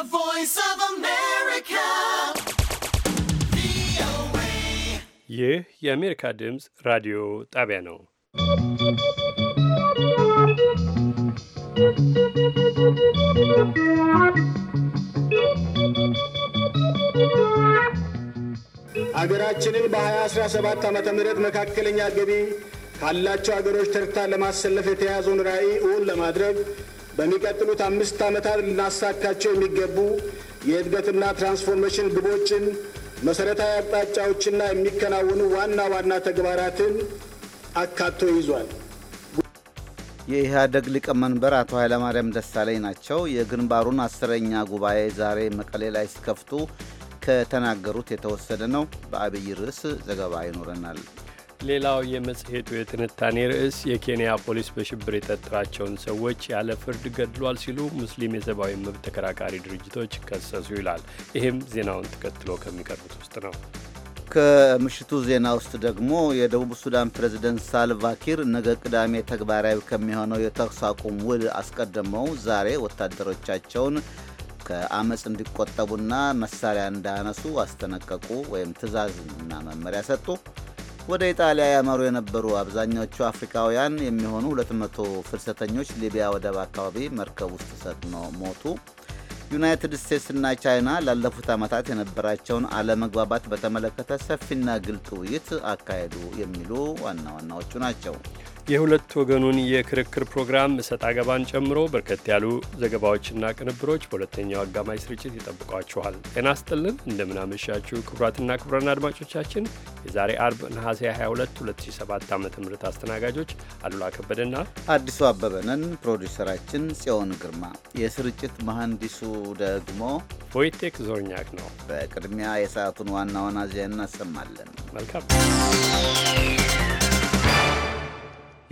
The voice of America. ይህ የአሜሪካ ድምፅ ራዲዮ ጣቢያ ነው። አገራችንን በ2017 ዓ ም መካከለኛ ገቢ ካላቸው አገሮች ተርታ ለማሰለፍ የተያዘውን ራዕይ እውን ለማድረግ በሚቀጥሉት አምስት ዓመታት ልናሳካቸው የሚገቡ የእድገትና ትራንስፎርሜሽን ግቦችን፣ መሠረታዊ አቅጣጫዎችና የሚከናወኑ ዋና ዋና ተግባራትን አካቶ ይዟል። የኢህአደግ ሊቀመንበር አቶ ኃይለማርያም ደሳለኝ ናቸው። የግንባሩን አስረኛ ጉባኤ ዛሬ መቀሌ ላይ ሲከፍቱ ከተናገሩት የተወሰደ ነው። በአብይ ርዕስ ዘገባ ይኖረናል። ሌላው የመጽሔቱ የትንታኔ ርዕስ የኬንያ ፖሊስ በሽብር የጠጥራቸውን ሰዎች ያለ ፍርድ ገድሏል ሲሉ ሙስሊም የሰብአዊ መብት ተከራካሪ ድርጅቶች ከሰሱ ይላል። ይህም ዜናውን ተከትሎ ከሚቀርቡት ውስጥ ነው። ከምሽቱ ዜና ውስጥ ደግሞ የደቡብ ሱዳን ፕሬዝደንት ሳልቫኪር ነገ ቅዳሜ ተግባራዊ ከሚሆነው የተኩስ አቁም ውል አስቀድመው ዛሬ ወታደሮቻቸውን ከአመፅ እንዲቆጠቡና መሳሪያ እንዳያነሱ አስጠነቀቁ ወይም እና መመሪያ ሰጡ። ወደ ኢጣሊያ ያመሩ የነበሩ አብዛኛዎቹ አፍሪካውያን የሚሆኑ 200 ፍልሰተኞች ሊቢያ ወደብ አካባቢ መርከብ ውስጥ ሰጥኖ ሞቱ። ዩናይትድ እና ቻይና ላለፉት ዓመታት የነበራቸውን አለመግባባት በተመለከተ ሰፊና ግልጥ ውይይት አካሄዱ የሚሉ ዋና ዋናዎቹ ናቸው። የሁለት ወገኑን የክርክር ፕሮግራም እሰጥ አገባን ጨምሮ በርከት ያሉ ዘገባዎችና ቅንብሮች በሁለተኛው አጋማሽ ስርጭት ይጠብቋችኋል። ጤና ስጥልን፣ እንደምናመሻችሁ ክቡራትና ክቡራን አድማጮቻችን የዛሬ አርብ ነሐሴ 22 2007 ዓ ም አስተናጋጆች አሉላ ከበደና አዲሱ አበበነን ፕሮዲውሰራችን ጽዮን ግርማ፣ የስርጭት መሐንዲሱ ደግሞ ቮይቴክ ዞርኛክ ነው። በቅድሚያ የሰዓቱን ዋና ዋና ዜና እናሰማለን። መልካም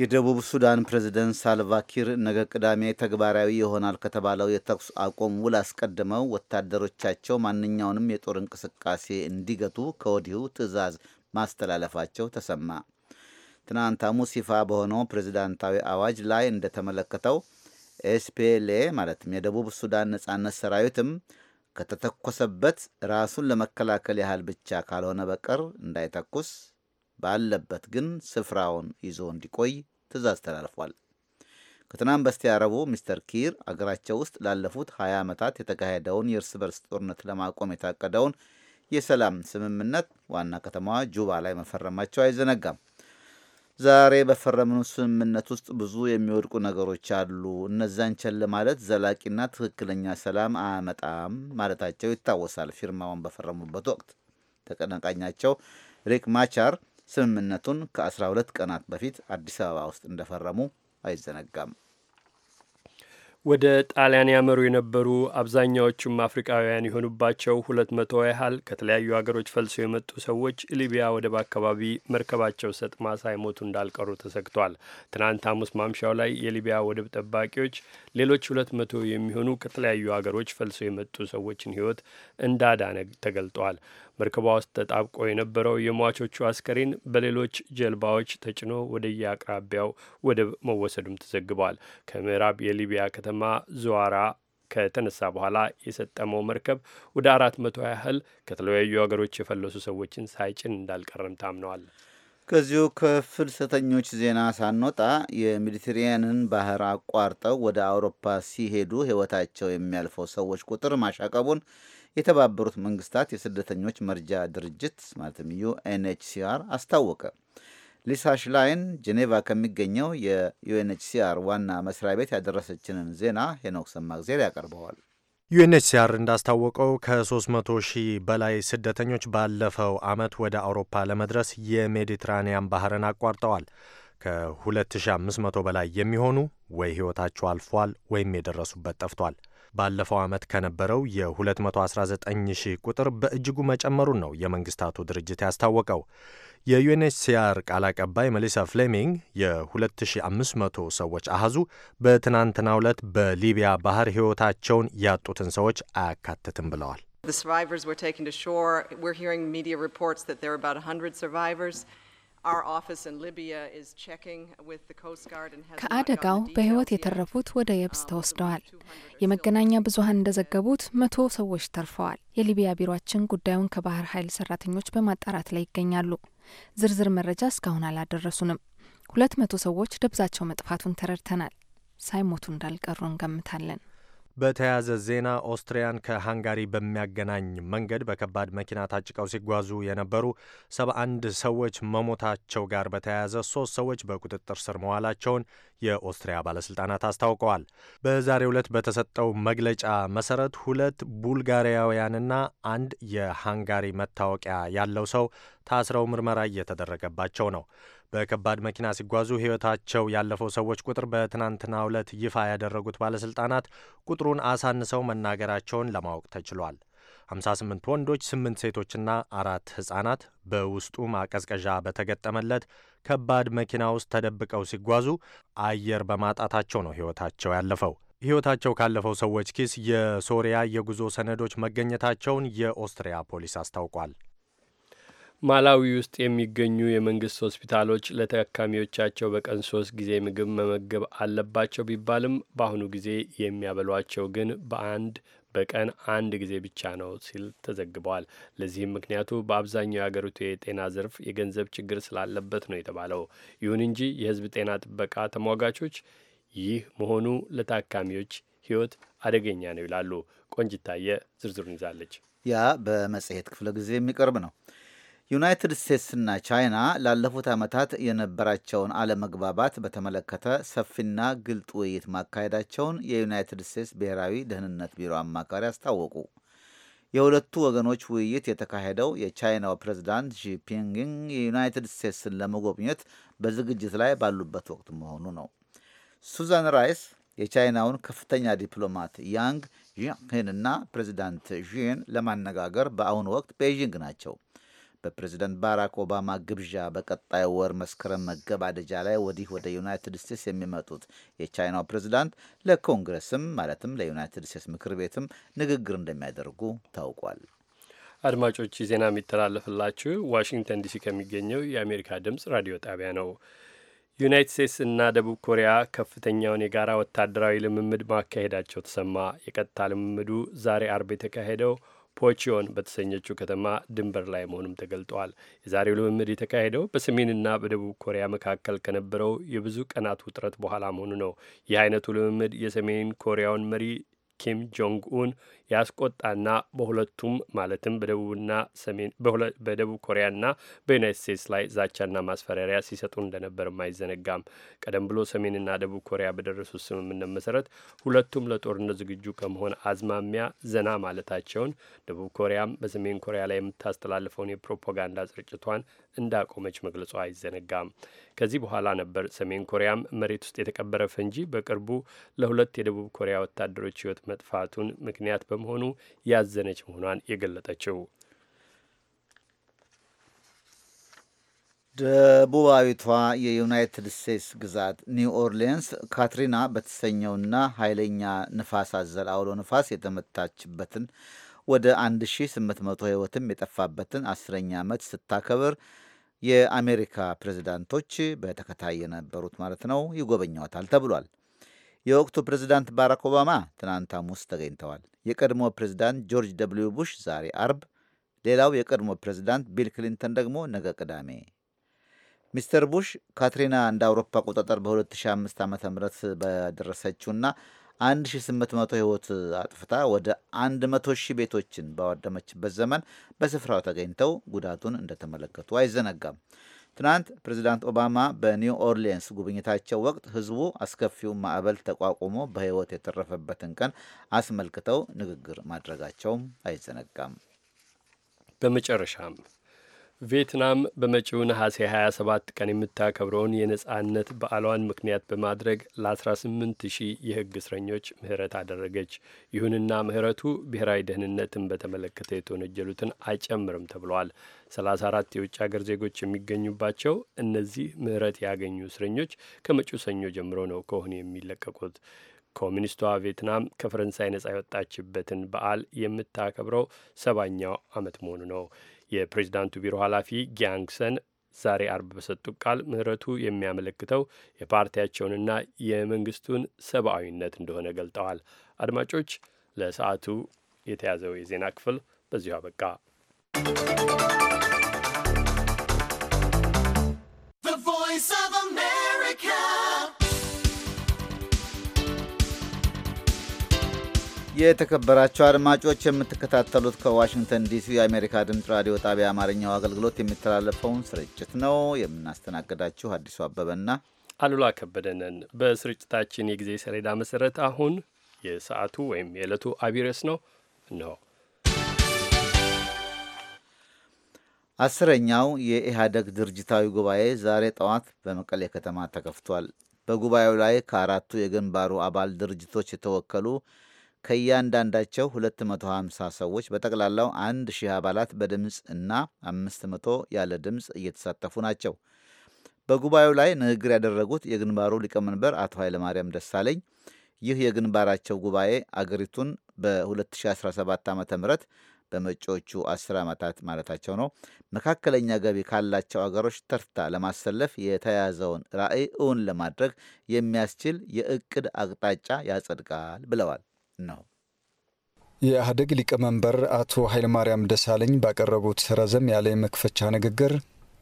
የደቡብ ሱዳን ፕሬዝደንት ሳልቫኪር ነገ ቅዳሜ ተግባራዊ ይሆናል ከተባለው የተኩስ አቁም ውል አስቀድመው ወታደሮቻቸው ማንኛውንም የጦር እንቅስቃሴ እንዲገቱ ከወዲሁ ትዕዛዝ ማስተላለፋቸው ተሰማ። ትናንት ሐሙስ ይፋ በሆነው ፕሬዝዳንታዊ አዋጅ ላይ እንደተመለከተው ኤስፒኤልኤ ማለትም የደቡብ ሱዳን ነጻነት ሰራዊትም ከተተኮሰበት ራሱን ለመከላከል ያህል ብቻ ካልሆነ በቀር እንዳይተኩስ ባለበት ግን ስፍራውን ይዞ እንዲቆይ ትእዛዝ ተላልፏል። ከትናንት በስቲያ ረቡዕ ሚስተር ኪር አገራቸው ውስጥ ላለፉት 20 ዓመታት የተካሄደውን የእርስ በርስ ጦርነት ለማቆም የታቀደውን የሰላም ስምምነት ዋና ከተማዋ ጁባ ላይ መፈረማቸው አይዘነጋም። ዛሬ በፈረምነው ስምምነት ውስጥ ብዙ የሚወድቁ ነገሮች አሉ። እነዛን ቸል ማለት ዘላቂና ትክክለኛ ሰላም አያመጣም ማለታቸው ይታወሳል። ፊርማውን በፈረሙበት ወቅት ተቀናቃኛቸው ሪክ ማቻር ስምምነቱን ከ12 ቀናት በፊት አዲስ አበባ ውስጥ እንደፈረሙ አይዘነጋም። ወደ ጣሊያን ያመሩ የነበሩ አብዛኛዎቹም አፍሪካውያን የሆኑባቸው ሁለት መቶ ያህል ከተለያዩ ሀገሮች ፈልሰው የመጡ ሰዎች ሊቢያ ወደብ አካባቢ መርከባቸው ሰጥማ ሳይሞቱ እንዳልቀሩ ተሰግቷል። ትናንት ሐሙስ ማምሻው ላይ የሊቢያ ወደብ ጠባቂዎች ሌሎች ሁለት መቶ የሚሆኑ ከተለያዩ ሀገሮች ፈልሰው የመጡ ሰዎችን ሕይወት እንዳዳነ ተገልጧል። መርከቧ ውስጥ ተጣብቆ የነበረው የሟቾቹ አስከሬን በሌሎች ጀልባዎች ተጭኖ ወደ የአቅራቢያው ወደብ መወሰዱም ተዘግቧል። ከምዕራብ የሊቢያ ከተማ ዙዋራ ከተነሳ በኋላ የሰጠመው መርከብ ወደ አራት መቶ ያህል ከተለያዩ ሀገሮች የፈለሱ ሰዎችን ሳይጭን እንዳልቀረም ታምነዋል። ከዚሁ ከፍልሰተኞች ዜና ሳንወጣ የሜዲትሬኒያንን ባህር አቋርጠው ወደ አውሮፓ ሲሄዱ ሕይወታቸው የሚያልፈው ሰዎች ቁጥር ማሻቀቡን የተባበሩት መንግስታት የስደተኞች መርጃ ድርጅት ማለትም ዩኤንኤችሲአር አስታወቀ። ሊሳ ሽላይን ጄኔቫ ከሚገኘው የዩኤንኤችሲአር ዋና መስሪያ ቤት ያደረሰችንን ዜና ሄኖክ ሰማግዜር ያቀርበዋል። ዩኤንኤችሲአር እንዳስታወቀው ከ300 ሺህ በላይ ስደተኞች ባለፈው ዓመት ወደ አውሮፓ ለመድረስ የሜዲትራኒያን ባህርን አቋርጠዋል። ከ2500 በላይ የሚሆኑ ወይ ሕይወታቸው አልፏል ወይም የደረሱበት ጠፍቷል። ባለፈው ዓመት ከነበረው የ219 ሺህ ቁጥር በእጅጉ መጨመሩን ነው የመንግስታቱ ድርጅት ያስታወቀው። የዩኤንኤችሲአር ቃል አቀባይ መሊሳ ፍሌሚንግ የ2500 ሰዎች አሃዙ በትናንትናው ዕለት በሊቢያ ባህር ሕይወታቸውን ያጡትን ሰዎች አያካትትም ብለዋል። ከአደጋው በሕይወት የተረፉት ወደ uh, የብስ ተወስደዋል። የመገናኛ ብዙኃን እንደዘገቡት መቶ ሰዎች ተርፈዋል። የሊቢያ ቢሮአችን ጉዳዩን ከባህር ኃይል ሰራተኞች በማጣራት ላይ ይገኛሉ። ዝርዝር መረጃ እስካሁን አላደረሱንም። ሁለት መቶ ሰዎች ደብዛቸው መጥፋቱን ተረድተናል። ሳይሞቱ እንዳልቀሩ እንገምታለን። በተያያዘ ዜና ኦስትሪያን ከሃንጋሪ በሚያገናኝ መንገድ በከባድ መኪና ታጭቀው ሲጓዙ የነበሩ 71 ሰዎች መሞታቸው ጋር በተያያዘ ሶስት ሰዎች በቁጥጥር ስር መዋላቸውን የኦስትሪያ ባለሥልጣናት አስታውቀዋል። በዛሬው ዕለት በተሰጠው መግለጫ መሠረት ሁለት ቡልጋሪያውያንና አንድ የሃንጋሪ መታወቂያ ያለው ሰው ታስረው ምርመራ እየተደረገባቸው ነው። በከባድ መኪና ሲጓዙ ሕይወታቸው ያለፈው ሰዎች ቁጥር በትናንትናው ዕለት ይፋ ያደረጉት ባለሥልጣናት ቁጥሩን አሳንሰው መናገራቸውን ለማወቅ ተችሏል። 58 ወንዶች፣ 8 ሴቶችና አራት ሕፃናት በውስጡ ማቀዝቀዣ በተገጠመለት ከባድ መኪና ውስጥ ተደብቀው ሲጓዙ አየር በማጣታቸው ነው ሕይወታቸው ያለፈው። ሕይወታቸው ካለፈው ሰዎች ኪስ የሶሪያ የጉዞ ሰነዶች መገኘታቸውን የኦስትሪያ ፖሊስ አስታውቋል። ማላዊ ውስጥ የሚገኙ የመንግስት ሆስፒታሎች ለታካሚዎቻቸው በቀን ሶስት ጊዜ ምግብ መመገብ አለባቸው ቢባልም በአሁኑ ጊዜ የሚያበሏቸው ግን በአንድ በቀን አንድ ጊዜ ብቻ ነው ሲል ተዘግበዋል። ለዚህም ምክንያቱ በአብዛኛው የሀገሪቱ የጤና ዘርፍ የገንዘብ ችግር ስላለበት ነው የተባለው። ይሁን እንጂ የህዝብ ጤና ጥበቃ ተሟጋቾች ይህ መሆኑ ለታካሚዎች ህይወት አደገኛ ነው ይላሉ። ቆንጅታየ ዝርዝሩን ይዛለች። ያ በመጽሔት ክፍለ ጊዜ የሚቀርብ ነው። ዩናይትድ ስቴትስና ቻይና ላለፉት ዓመታት የነበራቸውን አለመግባባት በተመለከተ ሰፊና ግልጥ ውይይት ማካሄዳቸውን የዩናይትድ ስቴትስ ብሔራዊ ደህንነት ቢሮ አማካሪ አስታወቁ። የሁለቱ ወገኖች ውይይት የተካሄደው የቻይናው ፕሬዝዳንት ዢ ፒንጊንግ የዩናይትድ ስቴትስን ለመጎብኘት በዝግጅት ላይ ባሉበት ወቅት መሆኑ ነው። ሱዛን ራይስ የቻይናውን ከፍተኛ ዲፕሎማት ያንግ ና ፕሬዚዳንት ዢን ለማነጋገር በአሁኑ ወቅት ቤይዥንግ ናቸው። በፕሬዝደንት ባራክ ኦባማ ግብዣ በቀጣዩ ወር መስከረም መገባደጃ ላይ ወዲህ ወደ ዩናይትድ ስቴትስ የሚመጡት የቻይናው ፕሬዝዳንት ለኮንግረስም ማለትም ለዩናይትድ ስቴትስ ምክር ቤትም ንግግር እንደሚያደርጉ ታውቋል። አድማጮች ዜና የሚተላለፍላችሁ ዋሽንግተን ዲሲ ከሚገኘው የአሜሪካ ድምጽ ራዲዮ ጣቢያ ነው። ዩናይትድ ስቴትስ እና ደቡብ ኮሪያ ከፍተኛውን የጋራ ወታደራዊ ልምምድ ማካሄዳቸው ተሰማ። የቀጥታ ልምምዱ ዛሬ አርብ የተካሄደው ፖቺዮን በተሰኘችው ከተማ ድንበር ላይ መሆኑም ተገልጧል። የዛሬው ልምምድ የተካሄደው በሰሜንና በደቡብ ኮሪያ መካከል ከነበረው የብዙ ቀናት ውጥረት በኋላ መሆኑ ነው። ይህ አይነቱ ልምምድ የሰሜን ኮሪያውን መሪ ኪም ጆንግ ኡን ያስቆጣና በሁለቱም ማለትም በደቡብና ሰሜን በደቡብ ኮሪያና በዩናይት ስቴትስ ላይ ዛቻና ማስፈራሪያ ሲሰጡ እንደነበርም አይዘነጋም። ቀደም ብሎ ሰሜንና ደቡብ ኮሪያ በደረሱት ስምምነት መሰረት ሁለቱም ለጦርነት ዝግጁ ከመሆን አዝማሚያ ዘና ማለታቸውን፣ ደቡብ ኮሪያም በሰሜን ኮሪያ ላይ የምታስተላልፈውን የፕሮፓጋንዳ ስርጭቷን እንዳቆመች መግለጿ አይዘነጋም። ከዚህ በኋላ ነበር ሰሜን ኮሪያም መሬት ውስጥ የተቀበረ ፈንጂ በቅርቡ ለሁለት የደቡብ ኮሪያ ወታደሮች ሕይወት መጥፋቱን ምክንያት በ በመሆኑ ያዘነች መሆኗን የገለጠችው ደቡባዊቷ የዩናይትድ ስቴትስ ግዛት ኒው ኦርሊንስ ካትሪና በተሰኘውና ኃይለኛ ንፋስ አዘል አውሎ ንፋስ የተመታችበትን ወደ 1800 ሕይወትም የጠፋበትን አስረኛ ዓመት ስታከብር የአሜሪካ ፕሬዝዳንቶች በተከታይ የነበሩት ማለት ነው ይጎበኘዋታል ተብሏል። የወቅቱ ፕሬዚዳንት ባራክ ኦባማ ትናንት ሐሙስ ተገኝተዋል። የቀድሞ ፕሬዝዳንት ጆርጅ ደብልዩ ቡሽ ዛሬ አርብ፣ ሌላው የቀድሞ ፕሬዝዳንት ቢል ክሊንተን ደግሞ ነገ ቅዳሜ። ሚስተር ቡሽ ካትሪና እንደ አውሮፓ አቆጣጠር በ2005 ዓ ም በደረሰችውና 1800 ሕይወት አጥፍታ ወደ 100 ሺህ ቤቶችን ባወደመችበት ዘመን በስፍራው ተገኝተው ጉዳቱን እንደተመለከቱ አይዘነጋም። ትናንት ፕሬዚዳንት ኦባማ በኒው ኦርሊንስ ጉብኝታቸው ወቅት ህዝቡ አስከፊውን ማዕበል ተቋቁሞ በህይወት የተረፈበትን ቀን አስመልክተው ንግግር ማድረጋቸውም አይዘነጋም። በመጨረሻም ቪየትናም በመጪው ነሐሴ 27 ቀን የምታከብረውን የነጻነት በዓሏን ምክንያት በማድረግ ለ18 ሺህ የሕግ እስረኞች ምህረት አደረገች። ይሁንና ምህረቱ ብሔራዊ ደህንነትን በተመለከተ የተወነጀሉትን አይጨምርም ተብሏል። 34 የውጭ ሀገር ዜጎች የሚገኙባቸው እነዚህ ምህረት ያገኙ እስረኞች ከመጪው ሰኞ ጀምሮ ነው ከሆኑ የሚለቀቁት። ኮሚኒስቷ ቪየትናም ከፈረንሳይ ነጻ የወጣችበትን በዓል የምታከብረው ሰባኛው ዓመት መሆኑ ነው። የፕሬዚዳንቱ ቢሮ ኃላፊ ጊያንግሰን ዛሬ አርብ በሰጡት ቃል ምህረቱ የሚያመለክተው የፓርቲያቸውንና የመንግስቱን ሰብአዊነት እንደሆነ ገልጠዋል። አድማጮች፣ ለሰዓቱ የተያዘው የዜና ክፍል በዚሁ አበቃ። የተከበራቸው አድማጮች የምትከታተሉት ከዋሽንግተን ዲሲ የአሜሪካ ድምፅ ራዲዮ ጣቢያ አማርኛው አገልግሎት የሚተላለፈውን ስርጭት ነው። የምናስተናግዳችሁ አዲሱ አበበና አሉላ ከበደነን። በስርጭታችን የጊዜ ሰሌዳ መሰረት አሁን የሰዓቱ ወይም የዕለቱ አቢረስ ነው ነው አስረኛው የኢህአደግ ድርጅታዊ ጉባኤ ዛሬ ጠዋት በመቀሌ ከተማ ተከፍቷል። በጉባኤው ላይ ከአራቱ የግንባሩ አባል ድርጅቶች የተወከሉ ከእያንዳንዳቸው 250 ሰዎች በጠቅላላው ሺህ አባላት በድምፅ እና 500 ያለ ድምፅ እየተሳተፉ ናቸው። በጉባኤው ላይ ንግግር ያደረጉት የግንባሩ ሊቀመንበር አቶ ኃይለማርያም ደሳለኝ ይህ የግንባራቸው ጉባኤ አገሪቱን በ2017 ዓ ም በመጪዎቹ 10 ዓመታት ማለታቸው ነው መካከለኛ ገቢ ካላቸው አገሮች ተርታ ለማሰለፍ የተያዘውን ራዕይ እውን ለማድረግ የሚያስችል የእቅድ አቅጣጫ ያጸድቃል ብለዋል። ነው። የኢህአዴግ ሊቀመንበር አቶ ኃይለማርያም ደሳለኝ ባቀረቡት ረዘም ያለ የመክፈቻ ንግግር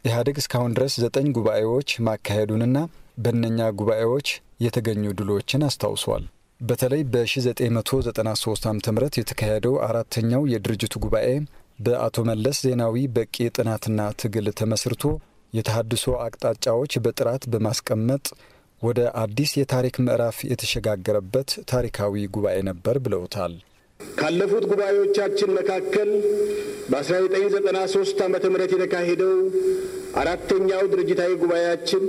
ኢህአዴግ እስካሁን ድረስ ዘጠኝ ጉባኤዎች ማካሄዱንና በእነኛ ጉባኤዎች የተገኙ ድሎችን አስታውሷል። በተለይ በ1993 ዓ ም የተካሄደው አራተኛው የድርጅቱ ጉባኤ በአቶ መለስ ዜናዊ በቂ ጥናትና ትግል ተመስርቶ የተሃድሶ አቅጣጫዎች በጥራት በማስቀመጥ ወደ አዲስ የታሪክ ምዕራፍ የተሸጋገረበት ታሪካዊ ጉባኤ ነበር ብለውታል። ካለፉት ጉባኤዎቻችን መካከል በ1993 ዓ ም የተካሄደው አራተኛው ድርጅታዊ ጉባኤያችን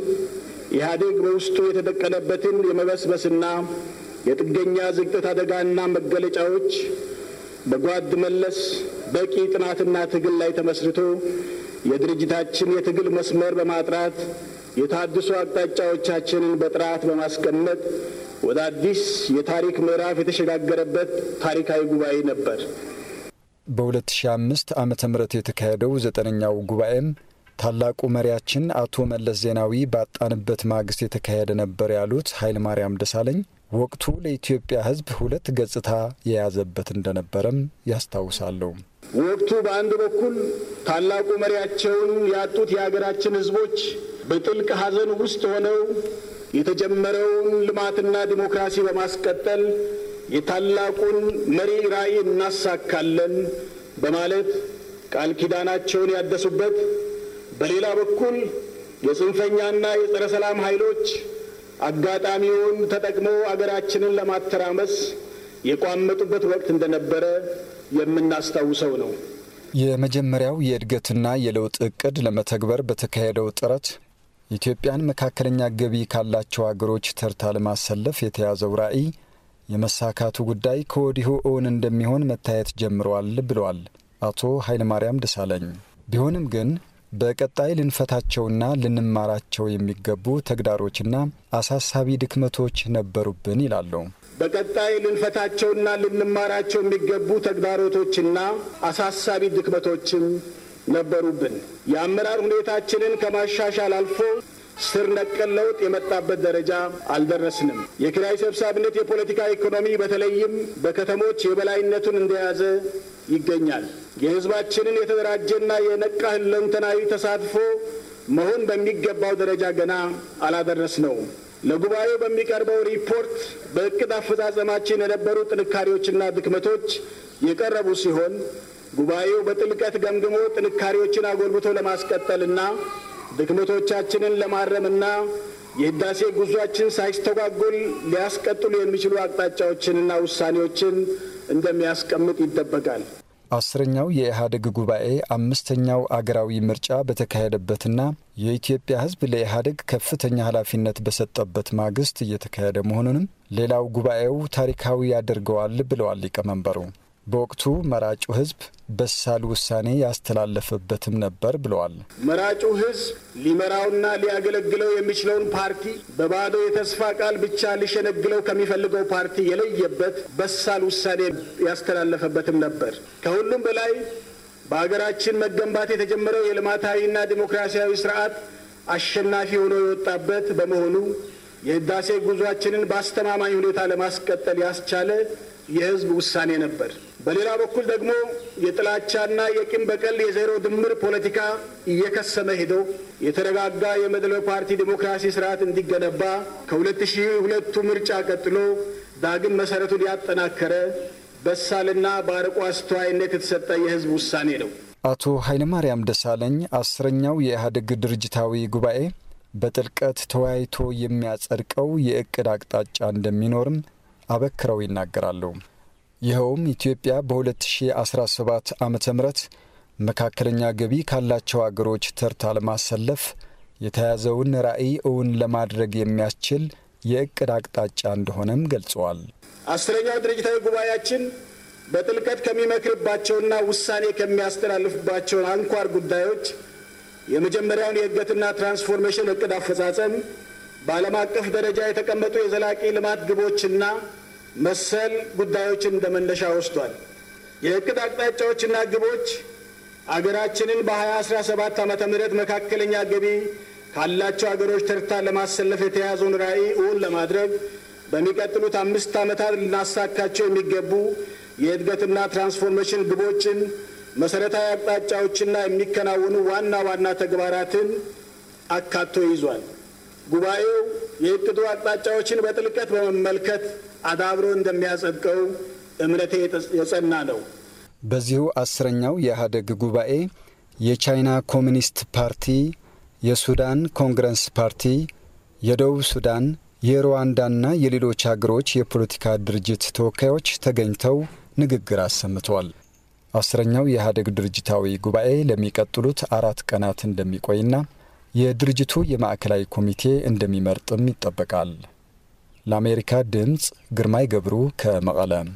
ኢህአዴግ በውስጡ የተደቀነበትን የመበስበስና የጥገኛ ዝግጠት አደጋና መገለጫዎች በጓድ መለስ በቂ ጥናትና ትግል ላይ ተመስርቶ የድርጅታችን የትግል መስመር በማጥራት የታድሱ አቅጣጫዎቻችንን በጥራት በማስቀመጥ ወደ አዲስ የታሪክ ምዕራፍ የተሸጋገረበት ታሪካዊ ጉባኤ ነበር። በ2005 ዓ ም የተካሄደው ዘጠነኛው ጉባኤም ታላቁ መሪያችን አቶ መለስ ዜናዊ ባጣንበት ማግስት የተካሄደ ነበር ያሉት ኃይለ ማርያም ደሳለኝ ወቅቱ ለኢትዮጵያ ሕዝብ ሁለት ገጽታ የያዘበት እንደነበረም ያስታውሳለሁ። ወቅቱ በአንድ በኩል ታላቁ መሪያቸውን ያጡት የሀገራችን ሕዝቦች በጥልቅ ሐዘን ውስጥ ሆነው የተጀመረውን ልማትና ዲሞክራሲ በማስቀጠል የታላቁን መሪ ራዕይ እናሳካለን በማለት ቃል ኪዳናቸውን ያደሱበት፣ በሌላ በኩል የጽንፈኛና የጸረ ሰላም ኃይሎች አጋጣሚውን ተጠቅመው አገራችንን ለማተራመስ የቋመጡበት ወቅት እንደነበረ የምናስታውሰው ነው። የመጀመሪያው የእድገትና የለውጥ እቅድ ለመተግበር በተካሄደው ጥረት ኢትዮጵያን መካከለኛ ገቢ ካላቸው አገሮች ተርታ ለማሰለፍ የተያዘው ራዕይ የመሳካቱ ጉዳይ ከወዲሁ እውን እንደሚሆን መታየት ጀምረዋል ብለዋል አቶ ኃይለማርያም ደሳለኝ። ቢሆንም ግን በቀጣይ ልንፈታቸውና ልንማራቸው የሚገቡ ተግዳሮችና አሳሳቢ ድክመቶች ነበሩብን ይላሉ። በቀጣይ ልንፈታቸውና ልንማራቸው የሚገቡ ተግዳሮቶችና አሳሳቢ ድክመቶችም ነበሩብን። የአመራር ሁኔታችንን ከማሻሻል አልፎ ስር ነቀል ለውጥ የመጣበት ደረጃ አልደረስንም። የኪራይ ሰብሳቢነት የፖለቲካ ኢኮኖሚ በተለይም በከተሞች የበላይነቱን እንደያዘ ይገኛል። የሕዝባችንን የተደራጀና የነቃ ህለንተናዊ ተሳትፎ መሆን በሚገባው ደረጃ ገና አላደረስ ነው። ለጉባኤው በሚቀርበው ሪፖርት በእቅድ አፈጻጸማችን የነበሩ ጥንካሬዎችና ድክመቶች የቀረቡ ሲሆን ጉባኤው በጥልቀት ገምግሞ ጥንካሬዎችን አጎልብቶ ለማስቀጠልና ድክመቶቻችንን ለማረምና የህዳሴ ጉዟችን ሳይስተጓጎል ሊያስቀጥሉ የሚችሉ አቅጣጫዎችንና ውሳኔዎችን እንደሚያስቀምጥ ይጠበቃል። አስረኛው የኢህአዴግ ጉባኤ አምስተኛው አገራዊ ምርጫ በተካሄደበትና የኢትዮጵያ ሕዝብ ለኢህአዴግ ከፍተኛ ኃላፊነት በሰጠበት ማግስት እየተካሄደ መሆኑንም ሌላው ጉባኤው ታሪካዊ ያደርገዋል ብለዋል ሊቀመንበሩ። በወቅቱ መራጩ ህዝብ በሳል ውሳኔ ያስተላለፈበትም ነበር ብለዋል። መራጩ ህዝብ ሊመራውና ሊያገለግለው የሚችለውን ፓርቲ በባዶ የተስፋ ቃል ብቻ ሊሸነግለው ከሚፈልገው ፓርቲ የለየበት በሳል ውሳኔ ያስተላለፈበትም ነበር። ከሁሉም በላይ በሀገራችን መገንባት የተጀመረው የልማታዊና ዲሞክራሲያዊ ስርዓት አሸናፊ ሆኖ የወጣበት በመሆኑ የህዳሴ ጉዟችንን በአስተማማኝ ሁኔታ ለማስቀጠል ያስቻለ የህዝብ ውሳኔ ነበር። በሌላ በኩል ደግሞ የጥላቻና የቂም በቀል የዜሮ ድምር ፖለቲካ እየከሰመ ሄዶ የተረጋጋ የመድበለ ፓርቲ ዲሞክራሲ ስርዓት እንዲገነባ ከሁለት ሺህ ሁለቱ ምርጫ ቀጥሎ ዳግም መሰረቱን ያጠናከረ በሳልና በአርቆ አስተዋይነት የተሰጠ የህዝብ ውሳኔ ነው። አቶ ኃይለማርያም ደሳለኝ አስረኛው የኢህአዴግ ድርጅታዊ ጉባኤ በጥልቀት ተወያይቶ የሚያጸድቀው የእቅድ አቅጣጫ እንደሚኖርም አበክረው ይናገራሉ። ይኸውም ኢትዮጵያ በ2017 ዓ ም መካከለኛ ገቢ ካላቸው አገሮች ተርታ ለማሰለፍ የተያዘውን ራዕይ እውን ለማድረግ የሚያስችል የእቅድ አቅጣጫ እንደሆነም ገልጸዋል። አስረኛው ድርጅታዊ ጉባኤያችን በጥልቀት ከሚመክርባቸውና ውሳኔ ከሚያስተላልፍባቸው አንኳር ጉዳዮች የመጀመሪያውን የእድገትና ትራንስፎርሜሽን እቅድ አፈጻጸም፣ በዓለም አቀፍ ደረጃ የተቀመጡ የዘላቂ ልማት ግቦችና መሰል ጉዳዮችን እንደ መነሻ ወስዷል። የእቅድ አቅጣጫዎችና ግቦች አገራችንን በ2017 ዓ ም መካከለኛ ገቢ ካላቸው አገሮች ተርታ ለማሰለፍ የተያዘውን ራዕይ እውን ለማድረግ በሚቀጥሉት አምስት ዓመታት ልናሳካቸው የሚገቡ የእድገትና ትራንስፎርሜሽን ግቦችን፣ መሠረታዊ አቅጣጫዎችና የሚከናወኑ ዋና ዋና ተግባራትን አካቶ ይዟል። ጉባኤው የእቅዱ አቅጣጫዎችን በጥልቀት በመመልከት አዳብሮ እንደሚያጸድቀው እምነቴ የጸና ነው። በዚሁ አስረኛው የኢህአዴግ ጉባኤ የቻይና ኮሚኒስት ፓርቲ፣ የሱዳን ኮንግረስ ፓርቲ፣ የደቡብ ሱዳን፣ የሩዋንዳና የሌሎች አገሮች የፖለቲካ ድርጅት ተወካዮች ተገኝተው ንግግር አሰምተዋል። አስረኛው የኢህአዴግ ድርጅታዊ ጉባኤ ለሚቀጥሉት አራት ቀናት እንደሚቆይና የድርጅቱ የማዕከላዊ ኮሚቴ እንደሚመርጥም ይጠበቃል። ለአሜሪካ ድምፅ ግርማይ ገብሩ ከመቐለም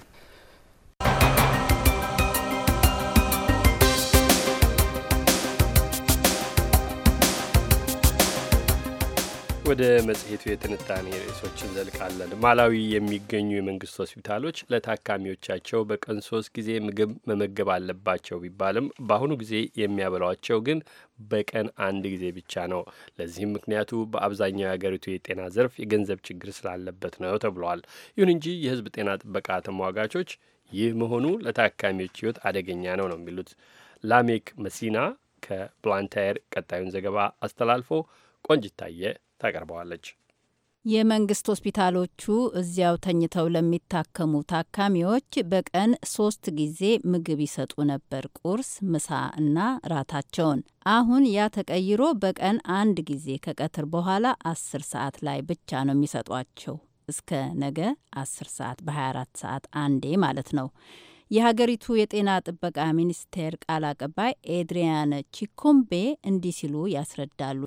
ወደ መጽሔቱ የትንታኔ ርዕሶች እንዘልቃለን። ማላዊ የሚገኙ የመንግስት ሆስፒታሎች ለታካሚዎቻቸው በቀን ሶስት ጊዜ ምግብ መመገብ አለባቸው ቢባልም በአሁኑ ጊዜ የሚያበሏቸው ግን በቀን አንድ ጊዜ ብቻ ነው። ለዚህም ምክንያቱ በአብዛኛው የአገሪቱ የጤና ዘርፍ የገንዘብ ችግር ስላለበት ነው ተብሏል። ይሁን እንጂ የህዝብ ጤና ጥበቃ ተሟጋቾች ይህ መሆኑ ለታካሚዎች ህይወት አደገኛ ነው ነው የሚሉት ላሜክ መሲና ከብላንታየር ቀጣዩን ዘገባ አስተላልፎ ቆንጅታየ ታቀርበዋለች። የመንግስት ሆስፒታሎቹ እዚያው ተኝተው ለሚታከሙ ታካሚዎች በቀን ሶስት ጊዜ ምግብ ይሰጡ ነበር፣ ቁርስ፣ ምሳ እና ራታቸውን። አሁን ያ ተቀይሮ በቀን አንድ ጊዜ ከቀትር በኋላ አስር ሰዓት ላይ ብቻ ነው የሚሰጧቸው። እስከ ነገ አስር ሰዓት በ24 ሰዓት አንዴ ማለት ነው። የሀገሪቱ የጤና ጥበቃ ሚኒስቴር ቃል አቀባይ ኤድሪያን ቺኮምቤ እንዲህ ሲሉ ያስረዳሉ።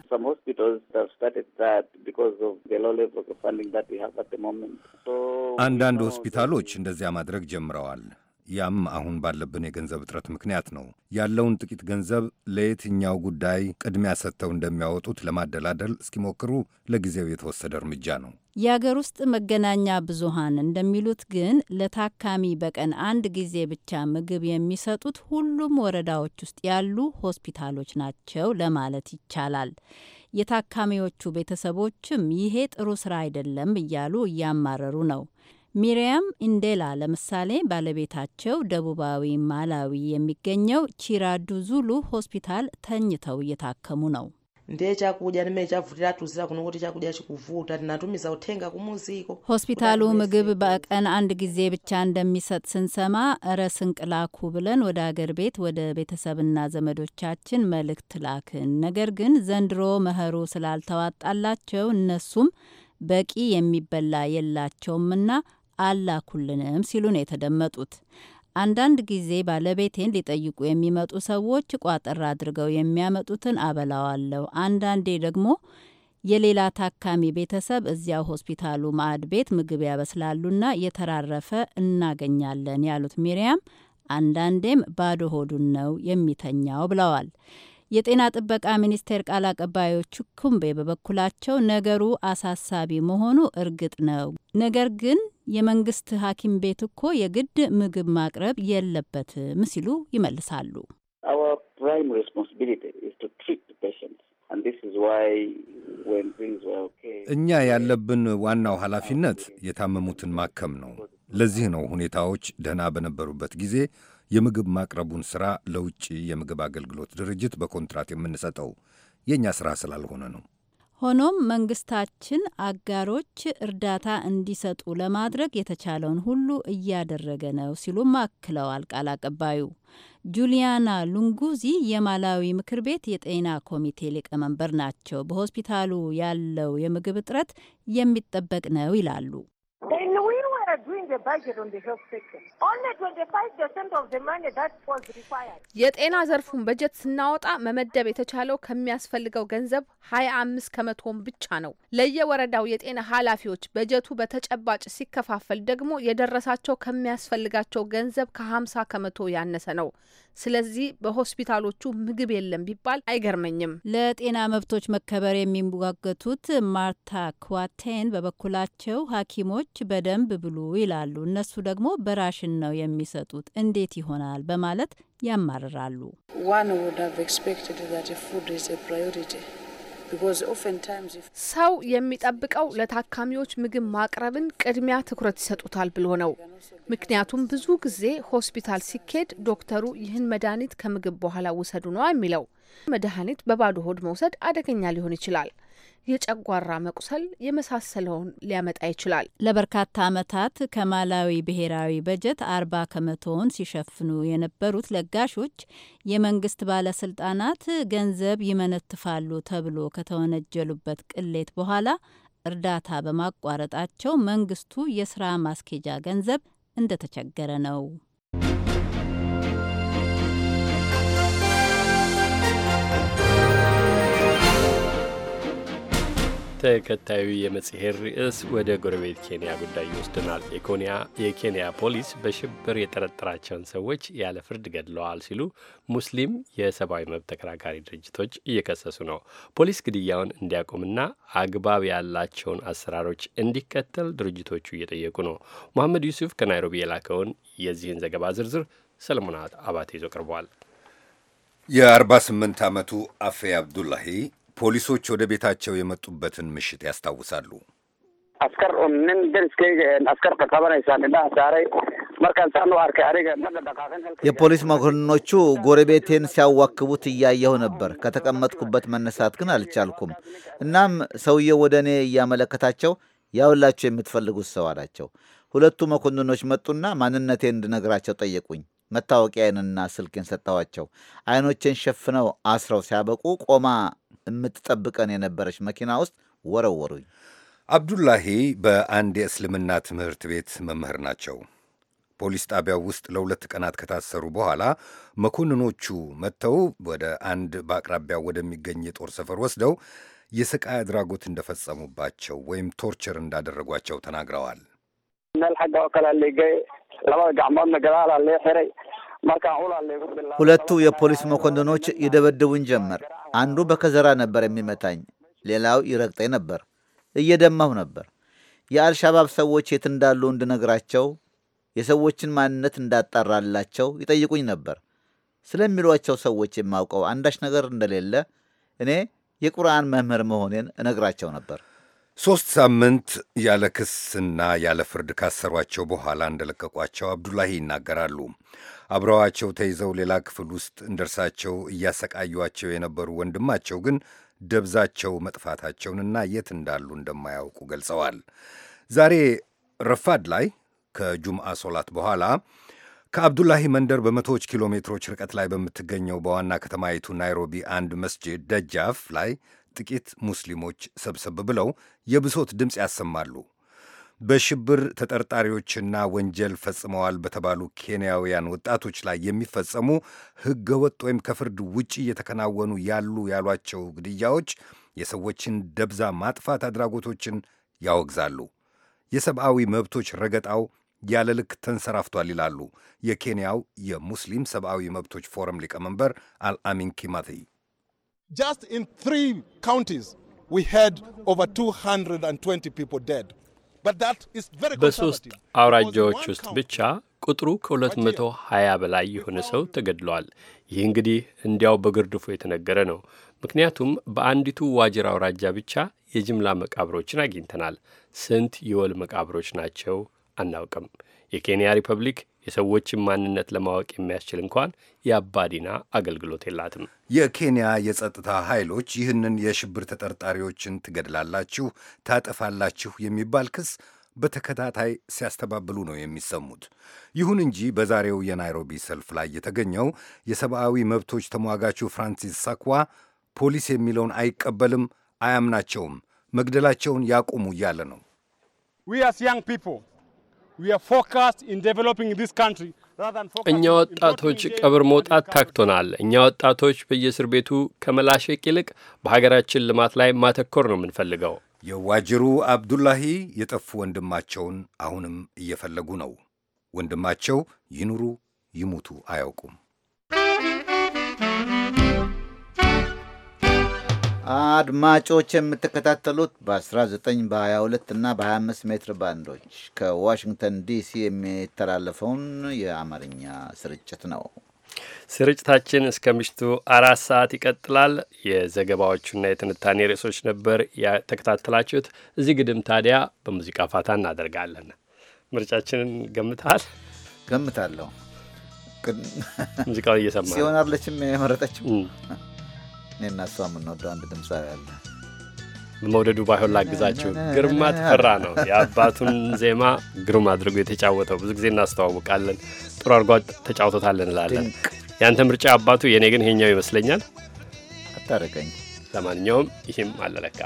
አንዳንድ ሆስፒታሎች እንደዚያ ማድረግ ጀምረዋል። ያም አሁን ባለብን የገንዘብ እጥረት ምክንያት ነው። ያለውን ጥቂት ገንዘብ ለየትኛው ጉዳይ ቅድሚያ ሰጥተው እንደሚያወጡት ለማደላደል እስኪሞክሩ ለጊዜው የተወሰደ እርምጃ ነው። የአገር ውስጥ መገናኛ ብዙሃን እንደሚሉት ግን ለታካሚ በቀን አንድ ጊዜ ብቻ ምግብ የሚሰጡት ሁሉም ወረዳዎች ውስጥ ያሉ ሆስፒታሎች ናቸው ለማለት ይቻላል። የታካሚዎቹ ቤተሰቦችም ይሄ ጥሩ ስራ አይደለም እያሉ እያማረሩ ነው። ሚሪያም ኢንዴላ ለምሳሌ ባለቤታቸው ደቡባዊ ማላዊ የሚገኘው ቺራዱ ዙሉ ሆስፒታል ተኝተው እየታከሙ ነው። ndechakudya ndimene chavutira atuzira kuno kuti chakudya chikuvuta tinatumiza uthenga kumuziko ሆስፒታሉ ምግብ በቀን አንድ ጊዜ ብቻ እንደሚሰጥ ስንሰማ እረ ስንቅ ላኩ ብለን ወደ አገር ቤት ወደ ቤተሰብና ዘመዶቻችን መልእክት ላክን። ነገር ግን ዘንድሮ መኸሩ ስላልተዋጣላቸው እነሱም በቂ የሚበላ የላቸውምና አላኩልንም ሲሉ ነው የተደመጡት። አንዳንድ ጊዜ ባለቤቴን ሊጠይቁ የሚመጡ ሰዎች ቋጠር አድርገው የሚያመጡትን አበላዋለሁ። አንዳንዴ ደግሞ የሌላ ታካሚ ቤተሰብ እዚያው ሆስፒታሉ ማዕድ ቤት ምግብ ያበስላሉና የተራረፈ እናገኛለን ያሉት ሚሪያም፣ አንዳንዴም ባዶ ሆዱን ነው የሚተኛው ብለዋል። የጤና ጥበቃ ሚኒስቴር ቃል አቀባዮቹ ኩምቤ በበኩላቸው ነገሩ አሳሳቢ መሆኑ እርግጥ ነው፣ ነገር ግን የመንግስት ሐኪም ቤት እኮ የግድ ምግብ ማቅረብ የለበትም ሲሉ ይመልሳሉ። እኛ ያለብን ዋናው ኃላፊነት የታመሙትን ማከም ነው። ለዚህ ነው ሁኔታዎች ደህና በነበሩበት ጊዜ የምግብ ማቅረቡን ሥራ ለውጭ የምግብ አገልግሎት ድርጅት በኮንትራት የምንሰጠው የእኛ ሥራ ስላልሆነ ነው። ሆኖም መንግስታችን አጋሮች እርዳታ እንዲሰጡ ለማድረግ የተቻለውን ሁሉ እያደረገ ነው ሲሉም አክለዋል ቃል አቀባዩ። ጁሊያና ሉንጉዚ የማላዊ ምክር ቤት የጤና ኮሚቴ ሊቀመንበር ናቸው። በሆስፒታሉ ያለው የምግብ እጥረት የሚጠበቅ ነው ይላሉ። budget on the health sector. Only 25% of the money that was required. የጤና ዘርፉን በጀት ስናወጣ መመደብ የተቻለው ከሚያስፈልገው ገንዘብ 25 ከመቶን ብቻ ነው። ለየወረዳው የጤና ኃላፊዎች በጀቱ በተጨባጭ ሲከፋፈል ደግሞ የደረሳቸው ከሚያስፈልጋቸው ገንዘብ ከ ከመቶ ያነሰ ነው። ስለዚህ በሆስፒታሎቹ ምግብ የለም ቢባል አይገርመኝም። ለጤና መብቶች መከበር የሚሟገቱት ማርታ ክዋቴን በበኩላቸው ሐኪሞች በደንብ ብሉ ይላሉ፣ እነሱ ደግሞ በራሽን ነው የሚሰጡት፣ እንዴት ይሆናል በማለት ያማርራሉ። ሰው የሚጠብቀው ለታካሚዎች ምግብ ማቅረብን ቅድሚያ ትኩረት ይሰጡታል ብሎ ነው። ምክንያቱም ብዙ ጊዜ ሆስፒታል ሲኬድ ዶክተሩ ይህን መድኃኒት ከምግብ በኋላ ውሰዱ ነው የሚለው። መድኃኒት በባዶ ሆድ መውሰድ አደገኛ ሊሆን ይችላል። የጨጓራ መቁሰል የመሳሰለውን ሊያመጣ ይችላል። ለበርካታ ዓመታት ከማላዊ ብሔራዊ በጀት አርባ ከመቶውን ሲሸፍኑ የነበሩት ለጋሾች የመንግስት ባለስልጣናት ገንዘብ ይመነትፋሉ ተብሎ ከተወነጀሉበት ቅሌት በኋላ እርዳታ በማቋረጣቸው መንግስቱ የስራ ማስኬጃ ገንዘብ እንደተቸገረ ነው። ተከታዩ የመጽሔር ርዕስ ወደ ጎረቤት ኬንያ ጉዳይ ይወስድናል። የኬንያ ፖሊስ በሽብር የጠረጠራቸውን ሰዎች ያለ ፍርድ ገድለዋል ሲሉ ሙስሊም የሰብአዊ መብት ተከራካሪ ድርጅቶች እየከሰሱ ነው። ፖሊስ ግድያውን እንዲያቆምና አግባብ ያላቸውን አሰራሮች እንዲከተል ድርጅቶቹ እየጠየቁ ነው። መሐመድ ዩሱፍ ከናይሮቢ የላከውን የዚህን ዘገባ ዝርዝር ሰለሞን አባቴ ይዞ ቀርቧል። የ48 ዓመቱ አፌ አብዱላሂ ፖሊሶች ወደ ቤታቸው የመጡበትን ምሽት ያስታውሳሉ። የፖሊስ መኮንኖቹ ጎረቤቴን ሲያዋክቡት እያየሁ ነበር። ከተቀመጥኩበት መነሳት ግን አልቻልኩም። እናም ሰውየው ወደ እኔ እያመለከታቸው ያውላቸው የምትፈልጉት ሰው አላቸው። ሁለቱ መኮንኖች መጡና ማንነቴን እንድነግራቸው ጠየቁኝ። መታወቂያዬንና ስልኬን ሰጥተዋቸው አይኖቼን ሸፍነው አስረው ሲያበቁ ቆማ የምትጠብቀን የነበረች መኪና ውስጥ ወረወሩኝ። አብዱላሂ በአንድ የእስልምና ትምህርት ቤት መምህር ናቸው። ፖሊስ ጣቢያው ውስጥ ለሁለት ቀናት ከታሰሩ በኋላ መኮንኖቹ መጥተው ወደ አንድ በአቅራቢያው ወደሚገኝ የጦር ሰፈር ወስደው የስቃይ አድራጎት እንደፈጸሙባቸው ወይም ቶርቸር እንዳደረጓቸው ተናግረዋል። ሁለቱ የፖሊስ መኮንኖች ይደበድቡኝ ጀመር። አንዱ በከዘራ ነበር የሚመታኝ፣ ሌላው ይረግጠኝ ነበር። እየደማሁ ነበር። የአልሻባብ ሰዎች የት እንዳሉ እንድነግራቸው፣ የሰዎችን ማንነት እንዳጣራላቸው ይጠይቁኝ ነበር። ስለሚሏቸው ሰዎች የማውቀው አንዳች ነገር እንደሌለ እኔ የቁርአን መምህር መሆኔን እነግራቸው ነበር። ሦስት ሳምንት ያለ ክስና ያለ ፍርድ ካሰሯቸው በኋላ እንደለቀቋቸው አብዱላሂ ይናገራሉ። አብረዋቸው ተይዘው ሌላ ክፍል ውስጥ እንደርሳቸው እያሰቃዩቸው የነበሩ ወንድማቸው ግን ደብዛቸው መጥፋታቸውንና የት እንዳሉ እንደማያውቁ ገልጸዋል። ዛሬ ረፋድ ላይ ከጁምአ ሶላት በኋላ ከአብዱላሂ መንደር በመቶዎች ኪሎ ሜትሮች ርቀት ላይ በምትገኘው በዋና ከተማይቱ ናይሮቢ አንድ መስጂድ ደጃፍ ላይ ጥቂት ሙስሊሞች ሰብሰብ ብለው የብሶት ድምፅ ያሰማሉ። በሽብር ተጠርጣሪዎችና ወንጀል ፈጽመዋል በተባሉ ኬንያውያን ወጣቶች ላይ የሚፈጸሙ ወጥ ወይም ከፍርድ ውጭ እየተከናወኑ ያሉ ያሏቸው ግድያዎች፣ የሰዎችን ደብዛ ማጥፋት አድራጎቶችን ያወግዛሉ። የሰብአዊ መብቶች ረገጣው ያለ ልክ ተንሰራፍቷል ይላሉ የኬንያው የሙስሊም ሰብአዊ መብቶች ፎረም ሊቀመንበር አልአሚን ኪማቲ። ጃስት ኢን ትሪ ካውንቲስ ዊ ሄድ ኦቨር 220 ፒፕል ዴድ በሶስት አውራጃዎች ውስጥ ብቻ ቁጥሩ ከ220 በላይ የሆነ ሰው ተገድሏል። ይህ እንግዲህ እንዲያው በግርድፉ የተነገረ ነው። ምክንያቱም በአንዲቱ ዋጅር አውራጃ ብቻ የጅምላ መቃብሮችን አግኝተናል። ስንት የወል መቃብሮች ናቸው አናውቅም። የኬንያ ሪፐብሊክ የሰዎችን ማንነት ለማወቅ የሚያስችል እንኳን የአባዲና አገልግሎት የላትም። የኬንያ የጸጥታ ኃይሎች ይህንን የሽብር ተጠርጣሪዎችን ትገድላላችሁ፣ ታጠፋላችሁ የሚባል ክስ በተከታታይ ሲያስተባብሉ ነው የሚሰሙት። ይሁን እንጂ በዛሬው የናይሮቢ ሰልፍ ላይ የተገኘው የሰብአዊ መብቶች ተሟጋቹ ፍራንሲስ ሳክዋ ፖሊስ የሚለውን አይቀበልም፣ አያምናቸውም፣ መግደላቸውን ያቁሙ እያለ ነው። እኛ ወጣቶች ቀብር መውጣት ታክቶናል። እኛ ወጣቶች በየእስር ቤቱ ከመላሸቅ ይልቅ በሀገራችን ልማት ላይ ማተኮር ነው የምንፈልገው። የዋጅሩ አብዱላሂ የጠፉ ወንድማቸውን አሁንም እየፈለጉ ነው። ወንድማቸው ይኑሩ ይሙቱ አያውቁም። አድማጮች የምትከታተሉት በ19 በ22 እና በ25 ሜትር ባንዶች ከዋሽንግተን ዲሲ የሚተላለፈውን የአማርኛ ስርጭት ነው። ስርጭታችን እስከ ምሽቱ አራት ሰዓት ይቀጥላል። የዘገባዎቹና የትንታኔ ርዕሶች ነበር የተከታተላችሁት። እዚህ ግድም ታዲያ በሙዚቃ ፋታ እናደርጋለን። ምርጫችንን ገምታል? ገምታለሁ። ሙዚቃው እየሰማ ሲሆን አለችም የመረጠችው እኔ እና እሷ የምንወደው አንድ ድምፃዊ አለ። መውደዱ ባይሆን ላግዛችሁ። ግርማ ተፈራ ነው የአባቱን ዜማ ግሩም አድርጎ የተጫወተው። ብዙ ጊዜ እናስተዋውቃለን። ጥሩ አድርጓ ተጫውቶታለን እንላለን። ያንተ ምርጫ አባቱ፣ የእኔ ግን ይሄኛው ይመስለኛል። አታረቀኝ። ለማንኛውም ይህም አለለካ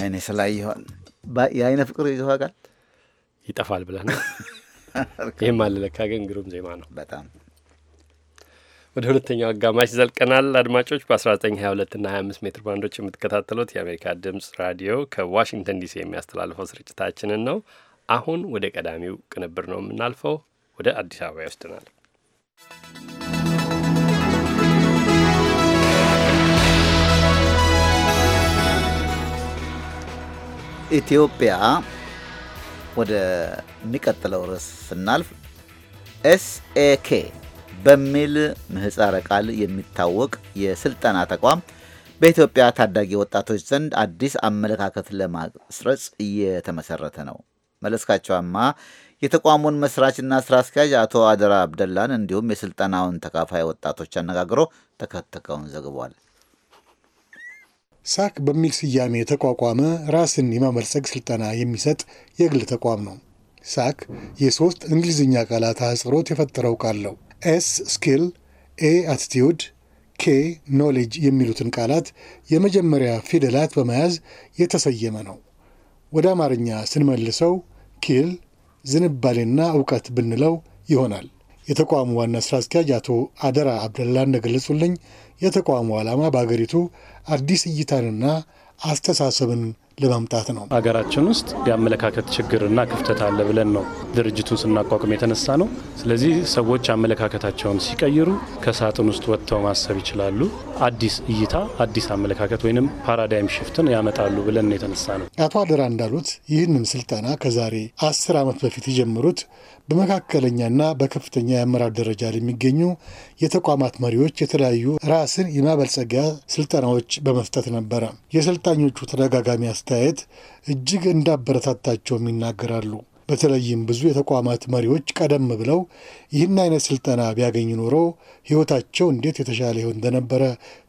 በአይኔ ስላየኋል የአይነ ፍቅር ይዘዋጋል ይጠፋል ብለህ ነው። ይህም አለለካ ግን ግሩም ዜማ ነው በጣም። ወደ ሁለተኛው አጋማሽ ዘልቀናል። አድማጮች በ1922 እና 25 ሜትር ባንዶች የምትከታተሉት የአሜሪካ ድምፅ ራዲዮ ከዋሽንግተን ዲሲ የሚያስተላልፈው ስርጭታችንን ነው። አሁን ወደ ቀዳሚው ቅንብር ነው የምናልፈው። ወደ አዲስ አበባ ይወስድናል። ኢትዮጵያ ወደሚቀጥለው ርዕስ ስናልፍ ኤስኤኬ በሚል ምህፃረ ቃል የሚታወቅ የስልጠና ተቋም በኢትዮጵያ ታዳጊ ወጣቶች ዘንድ አዲስ አመለካከት ለማስረጽ እየተመሰረተ ነው። መለስካቸዋማ የተቋሙን መስራችና ስራ አስኪያጅ አቶ አደራ አብደላን እንዲሁም የስልጠናውን ተካፋይ ወጣቶች አነጋግሮ ተከተከውን ዘግቧል። ሳክ በሚል ስያሜ የተቋቋመ ራስን የማመልፀግ ስልጠና የሚሰጥ የግል ተቋም ነው። ሳክ የሶስት እንግሊዝኛ ቃላት አህጽሮት የፈጠረው ቃል ነው። ኤስ ስኪል፣ ኤ አትቲዩድ፣ ኬ ኖሌጅ የሚሉትን ቃላት የመጀመሪያ ፊደላት በመያዝ የተሰየመ ነው። ወደ አማርኛ ስንመልሰው ኪል፣ ዝንባሌና እውቀት ብንለው ይሆናል። የተቋሙ ዋና ስራ አስኪያጅ አቶ አደራ አብደላ እንደገለጹልኝ የተቋሙ ዓላማ በአገሪቱ አዲስ እይታንና አስተሳሰብን ለማምጣት ነው። ሀገራችን ውስጥ የአመለካከት ችግርና ክፍተት አለ ብለን ነው ድርጅቱን ስናቋቁም የተነሳ ነው። ስለዚህ ሰዎች አመለካከታቸውን ሲቀይሩ ከሳጥን ውስጥ ወጥተው ማሰብ ይችላሉ። አዲስ እይታ፣ አዲስ አመለካከት ወይም ፓራዳይም ሽፍትን ያመጣሉ ብለን ነው የተነሳ ነው። አቶ አደራ እንዳሉት ይህንን ስልጠና ከዛሬ አስር ዓመት በፊት የጀመሩት በመካከለኛና በከፍተኛ የአመራር ደረጃ የሚገኙ የተቋማት መሪዎች የተለያዩ ራስን የማበልጸጊያ ስልጠናዎች በመስጠት ነበረ። የሰልጣኞቹ ተደጋጋሚ አስተያየት እጅግ እንዳበረታታቸውም ይናገራሉ። በተለይም ብዙ የተቋማት መሪዎች ቀደም ብለው ይህን አይነት ስልጠና ቢያገኝ ኖሮ ሕይወታቸው እንዴት የተሻለ ይሆን እንደነበረ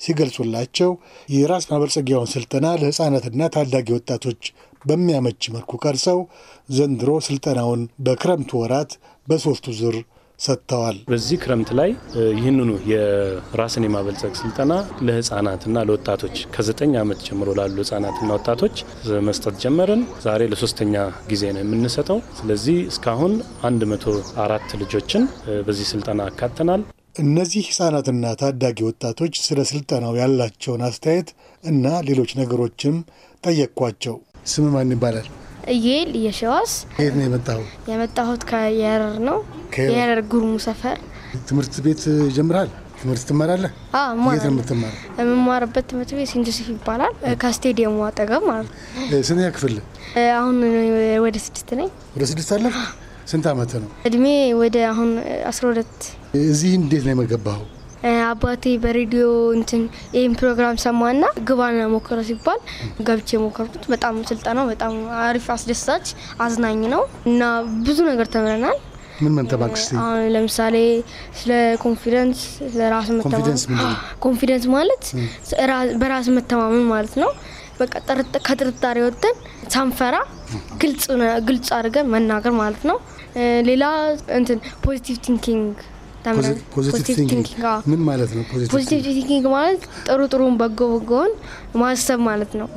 ሲገልጹላቸው የራስ ማበልጸጊያውን ስልጠና ለሕፃናትና ታዳጊ ወጣቶች በሚያመች መልኩ ቀርጸው ዘንድሮ ስልጠናውን በክረምቱ ወራት በሦስቱ ዙር ሰጥተዋል። በዚህ ክረምት ላይ ይህንኑ የራስን የማበልጸግ ስልጠና ለህጻናትና ለወጣቶች ከዘጠኝ ዓመት ጀምሮ ላሉ ህጻናትና ወጣቶች መስጠት ጀመርን። ዛሬ ለሶስተኛ ጊዜ ነው የምንሰጠው። ስለዚህ እስካሁን አንድ መቶ አራት ልጆችን በዚህ ስልጠና አካተናል። እነዚህ ህጻናትና ታዳጊ ወጣቶች ስለ ስልጠናው ያላቸውን አስተያየት እና ሌሎች ነገሮችም ጠየቅኳቸው። ስም ማን ይባላል? እየል የሸዋስ። ከየት ነው የመጣሁ? የመጣሁት ከየረር ነው፣ የረር ጉርሙ ሰፈር። ትምህርት ቤት ጀምራል? ትምህርት ትማራለህ? የት ነው የምማርበት ትምህርት ቤት ሴንት ይባላል፣ ከስቴዲየሙ አጠገብ ማለት ነው። ስንተኛ ክፍል? አሁን ወደ ስድስት ነኝ። ወደ ስድስት አለፍ። ስንት አመት ነው? እድሜ ወደ አሁን አስራ ሁለት። እዚህ እንዴት ነው የመገባኸው? አባቴ በሬዲዮ እንትን ይህን ፕሮግራም ሰማና ግባና ሞክረ ሲባል ገብቼ ሞከርኩት። በጣም ስልጠናው በጣም አሪፍ፣ አስደሳች፣ አዝናኝ ነው እና ብዙ ነገር ተምረናል። ምን ምን ለምሳሌ ስለ ኮንፊደንስ፣ ስለ ራስ መተማመን። ኮንፊደንስ ማለት በራስ መተማመን ማለት ነው። በቃ ከጥርጣሬ ወጥተን ሳንፈራ ግልጽ አድርገን መናገር ማለት ነው። ሌላ እንትን ፖዚቲቭ ቲንኪንግ ፖዚቲቭ ቲንኪንግ ምን ማለት ነው? ፖዚቲቭ ቲንኪንግ ማለት ጥሩ ጥሩን በጎ በጎን ማሰብ ማለት ነው።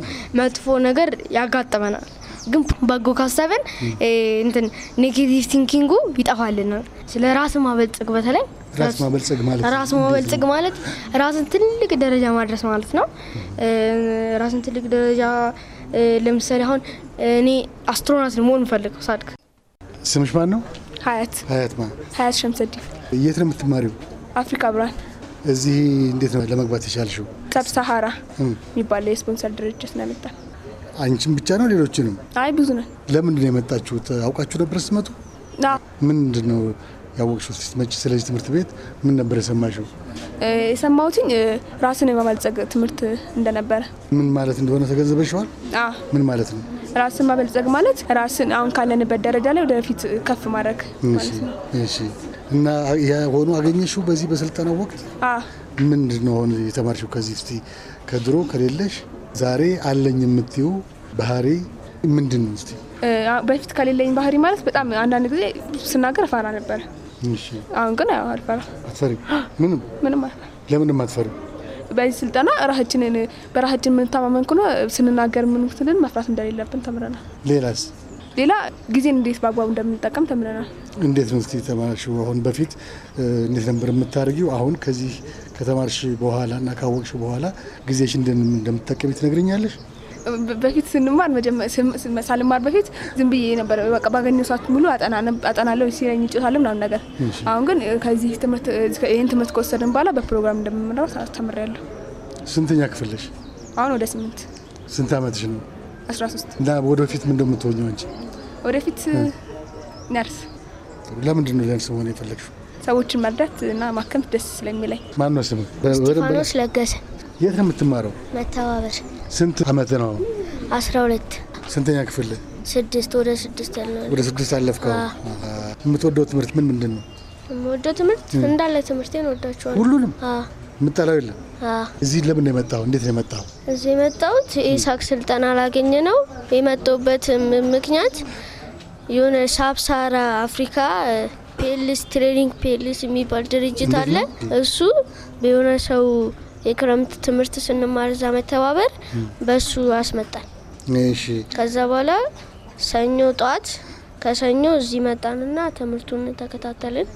መጥፎ ነገር ያጋጠመናል ግን በጎ ካሰብን እንትን ኔጌቲቭ ቲንኪንጉ ይጠፋልናል። ስለ ራስ ማበልጽግ በተለይ ራስ ማበልጽግ ማለት ራስ ማበልጽግ ማለት ራስን ትልቅ ደረጃ ማድረስ ማለት ነው። ራስን ትልቅ ደረጃ ለምሳሌ አሁን እኔ አስትሮናት መሆን እንፈልገው ሳድግ። ስምሽ ማን ነው? ሀያት ሀያት ሀያት ሸምሰዲፍ የት ነው የምትማሪው? አፍሪካ ብርሃን። እዚህ እንዴት ነው ለመግባት የቻልሽው? ሰብ ሰሃራ የሚባለው የስፖንሰር ድርጅት ነው ያመጣል። አንቺም ብቻ ነው ሌሎችንም? አይ ብዙ ነን። ለምንድን ነው የመጣችሁት? አውቃችሁ ነበር ስትመጡ? ምንድን ነው ያወቅሽው ስትመጪ ስለዚህ ትምህርት ቤት ምን ነበር የሰማሽው? የሰማሁትኝ ራስን የማበልጸግ ትምህርት እንደነበረ። ምን ማለት እንደሆነ ተገንዘበሽዋል? ምን ማለት ነው? ራስን ማበልጸግ ማለት ራስን አሁን ካለንበት ደረጃ ላይ ወደፊት ከፍ ማድረግ ማለት ነው። እና የሆኑ አገኘሽው በዚህ በስልጠናው ወቅት ምንድን ነው የተማርሽው? ከዚህ እስቲ ከድሮ ከሌለሽ ዛሬ አለኝ የምትይው ባህሪ ምንድን ነው? በፊት ከሌለኝ ባህሪ ማለት በጣም አንዳንድ ጊዜ ስናገር እፈራ ነበር። አሁን ግን ያው አልፈራም። አትፈሪ ምንም ምንም አልፈራም። ለምንም አትፈሪ በዚህ ስልጠና ራሳችንን በራሳችን የምንተማመን ከሆነ ስንናገር ምን ምንክትልን መፍራት እንደሌለብን ተምረናል። ሌላስ? ሌላ ጊዜን እንዴት በአግባቡ እንደምንጠቀም ተምረናል። እንዴት ነው እስኪ ተማርሽው? አሁን በፊት እንዴት ነበር የምታደርጊው? አሁን ከዚህ ከተማርሽ በኋላ እና ካወቅሽ በኋላ ጊዜሽ እንደምትጠቀሚ ትነግረኛለሽ? በፊት ስንማር ሳልማር በፊት ዝም ብዬ ነበር። በቃ ባገኘሁ ሰዓት ሙሉ አጠናለሁ ሲለኝ እጮታለሁ ምናምን ነገር። አሁን ግን ከዚህ ይህን ትምህርት ከወሰድን በኋላ በፕሮግራም እንደምመራው ተምሬያለሁ። ስንተኛ ክፍልሽ? አሁን ወደ ስምንት። ስንት አመትሽ ነው? አስራ ሶስት እና ወደፊት ምን እንደምትሆኚው አንቺ? ወደፊት ነርስ። ለምንድን ነው ነርስ መሆን የፈለግሽው? ሰዎችን መርዳት እና ማከምት ደስ ስለሚለኝ። ማን ነው ስም? እስጢፋኖስ ለገሰ የት ነው የምትማረው? መተባበር። ስንት አመት ነው? አስራ ሁለት ስንተኛ ክፍል? ስድስት ወደ ስድስት ያለ ወደ ስድስት አለፍከው። የምትወደው ትምህርት ምን ምንድን ነው? የምወደው ትምህርት እንዳለ ትምህርቴን ወዳቸዋል። ሁሉንም የምጠላው የለም። እዚህ ለምን የመጣው? እንዴት ነው የመጣው? እዚህ የመጣሁት ኢሳክ ስልጠና አላገኘ ነው የመጣሁበት ምክንያት የሆነ ሳብሳራ አፍሪካ ፔልስ ትሬኒንግ ፔልስ የሚባል ድርጅት አለ። እሱ የሆነ ሰው የክረምት ትምህርት ስንማር እዛ መተባበር በሱ አስመጣል። ከዛ በኋላ ሰኞ ጠዋት ከሰኞ እዚህ መጣንና ትምህርቱን ተከታተልን።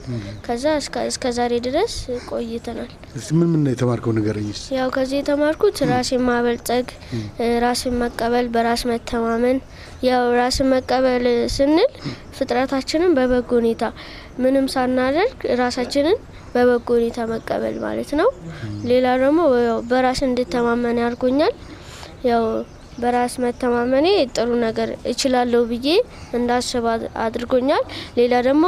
ከዛ እስከ ዛሬ ድረስ ቆይተናል። እስቲ ምን ምን የተማርከው ንገረኝ። ያው ከዚህ የተማርኩት ራሴን ማበልጸግ፣ ራስን መቀበል፣ በራስ መተማመን። ያው ራስን መቀበል ስንል ፍጥረታችንን በበጎ ሁኔታ ምንም ሳናደርግ ራሳችንን በበጎ ሁኔታ መቀበል ማለት ነው። ሌላ ደግሞ በራስ እንድተማመን ያርጎኛል ያው በራስ መተማመኔ ጥሩ ነገር እችላለሁ ብዬ እንዳስብ አድርጎኛል። ሌላ ደግሞ